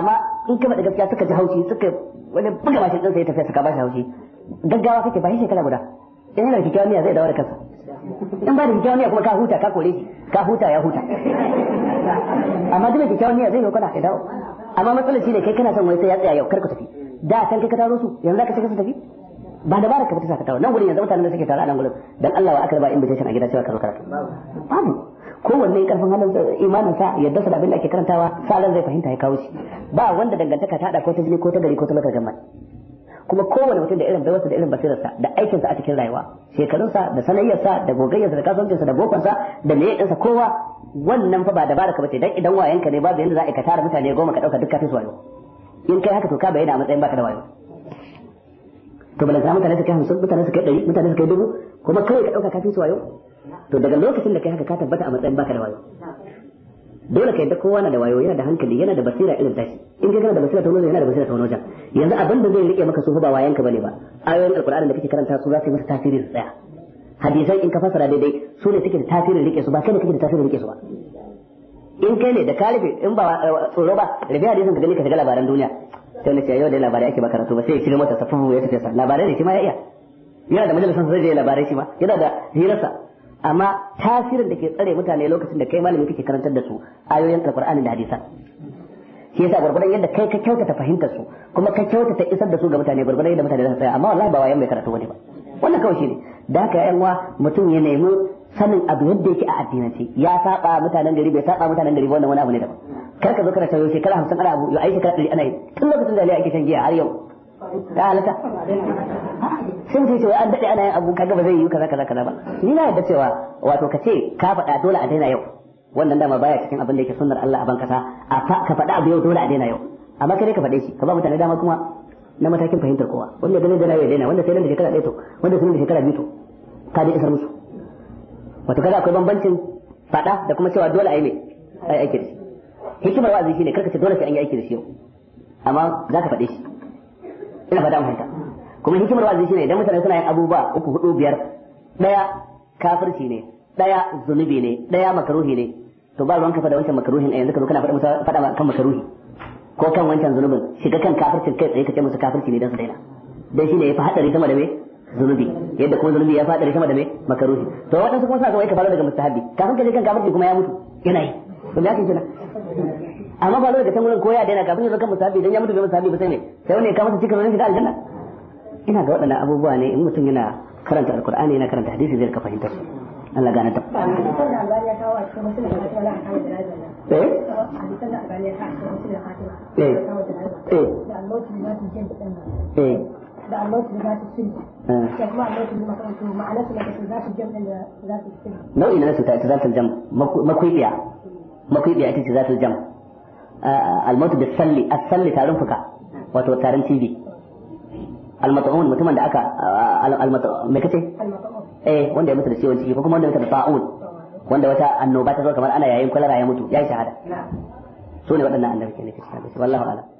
Speaker 1: amma in ka faɗi gaskiya suka ji haushi suka wani buga mashin ɗinsa ya tafiya suka ba shi haushi gaggawa kake bayan shekara guda in yana da miya zai dawo da kansa in ba da kikkiawar miya kuma ka huta ka kore shi ka huta ya huta amma duk da kikkiawar zai yi ka dawo amma matsalar shi ne kai kana son wani sai ya tsaya yau kar ku tafi da can kai ka taro su yanzu ka ce su tafi ba da baraka fita ka taro nan gurin yanzu mutanen da suke tare a nan gurin dan Allah wa akar ba invitation a gida cewa ka zo karatu babu kowanne karfin halin imanin sa yadda sa abin da ake karantawa sa ran zai fahimta ya kawo shi ba wanda dangantaka ta hada ko ta jini ko ta gari ko ta lokacin mai kuma kowane mutum da irin baiwarsa da irin basirarsa da aikinsa a cikin rayuwa shekarunsa da sanayyarsa da gogayyarsa da kasuwancinsa da bokonsa da meye ɗinsa kowa wannan fa ba dabara ka bace dan idan wayanka ne babu yanda za a tara mutane goma ka ɗauka duk kafin wayo in kai haka to ka bayyana a matsayin baka da wayo to balanta mutane su kai hamsin mutane su kai ɗari mutane su kai dubu kuma kai ka ɗauka kafin su wayo to daga lokacin da kai haka ka tabbata a matsayin baka da wayo dole ka yadda kowa na da wayo yana da hankali yana da basira irin tashi in ka gana da basira ta wani yana da basira ta wani wajen yanzu abin da zai rike maka su ba wayan ka bane ba ayoyin alkur'ani da kake karanta su za su yi masa tasiri su tsaya hadisan in ka fasara daidai su ne suke da tasirin rike su ba kai ne kake da tasirin rike su ba in kai ne da ka in ba eh, tsoro ba rufe hadisin ka gani ka shiga labaran duniya sai wani yau da labarai ake ba karatu ba sai ya shiga mota safufu ya tafi sa labarai ne shi ma ya iya yana da majalisan sai ya labarai shi ma yana da hirarsa amma tasirin da ke tsare mutane lokacin da kai malami kake karantar da su ayoyin alqur'ani da hadisan shi yasa gurgurdan yadda kai ka kyautata fahimtar su kuma ka kyautata isar da su ga mutane gurgurdan yadda mutane za su tsaya amma wallahi ba wayan mai karatu wani ba wannan kawai shi ne da haka yayan wa mutum ya nemi sanin abu yadda yake a addinance ya saba mutanen gari bai saba mutanen gari ba wannan wani abu ne daban kar ka zo kana tayo shekara 50 ana abu yau ai shekara 100 ana yi tun lokacin da ake shan giya har yau da halaka sun ce cewa an daɗe ana yin abu kaga ba zai yi kaza kaza kaza ba ni na yadda cewa wato ka ce ka faɗa dole a daina yau wannan dama baya cikin abin da yake sunnar Allah a bankasa a ka faɗa abu yau dole a daina yau amma kai ka faɗe shi ka ba mutane dama kuma na matakin fahimtar kowa wanda dole da ya daina wanda sai nan da shekara ɗaya to wanda sai nan da shekara biyu to ka dai isar musu wato kaga akwai bambancin faɗa da kuma cewa dole a yi mai a yi aiki da shi hikimar wa'azi shine karka ce dole sai an yi aiki da shi yau amma za ka faɗe shi ina fata mun kuma hikimar wazi shine idan mutane suna yin abubuwa uku hudu biyar daya kafirci ne daya zunubi ne daya makaruhi ne to ba ruwan kafa da wancan makaruhin a yanzu ka zo kana faɗa musu faɗa kan makaruhi ko kan wancan zunubin shiga kan kafircin kai tsaye ka ce musu kafirci ne dan su daina dan shine ya fi hadari sama da me zunubi yadda kuma zunubi ya fadari sama da me makaruhi to wadansu kuma suna kawai kafara daga mustahabi kafin ka je kan kafirci kuma ya mutu yana yi to me ake kenan amma ba daga can gurin ko ya daina kafin ya zaka musabi idan ya mutu bai musabi ba sai ne sai wani ya kama cikin ranar shiga aljanna ina ga waɗannan abubuwa ne in mutum yana karanta alqur'ani yana karanta hadisi zai ka fahimta su Allah gane ta da Allah
Speaker 2: eh? eh. eh. su za su cin da su makarantu za su jam'a da za su cin
Speaker 1: nau'i na su ta ita za su jam makwibiya makwibiya ita ce za su jam almatu bis salli as-salli tarin fuka wato tarin TV almatuun mutumin da aka me kace eh wanda ya mutu da ciwon ciki ko kuma wanda ya mutu da fa'un wanda wata annoba ta zo kamar ana yayin kwalara ya mutu ya shahada so ne waɗannan annabi ke ne kace wallahi a'lam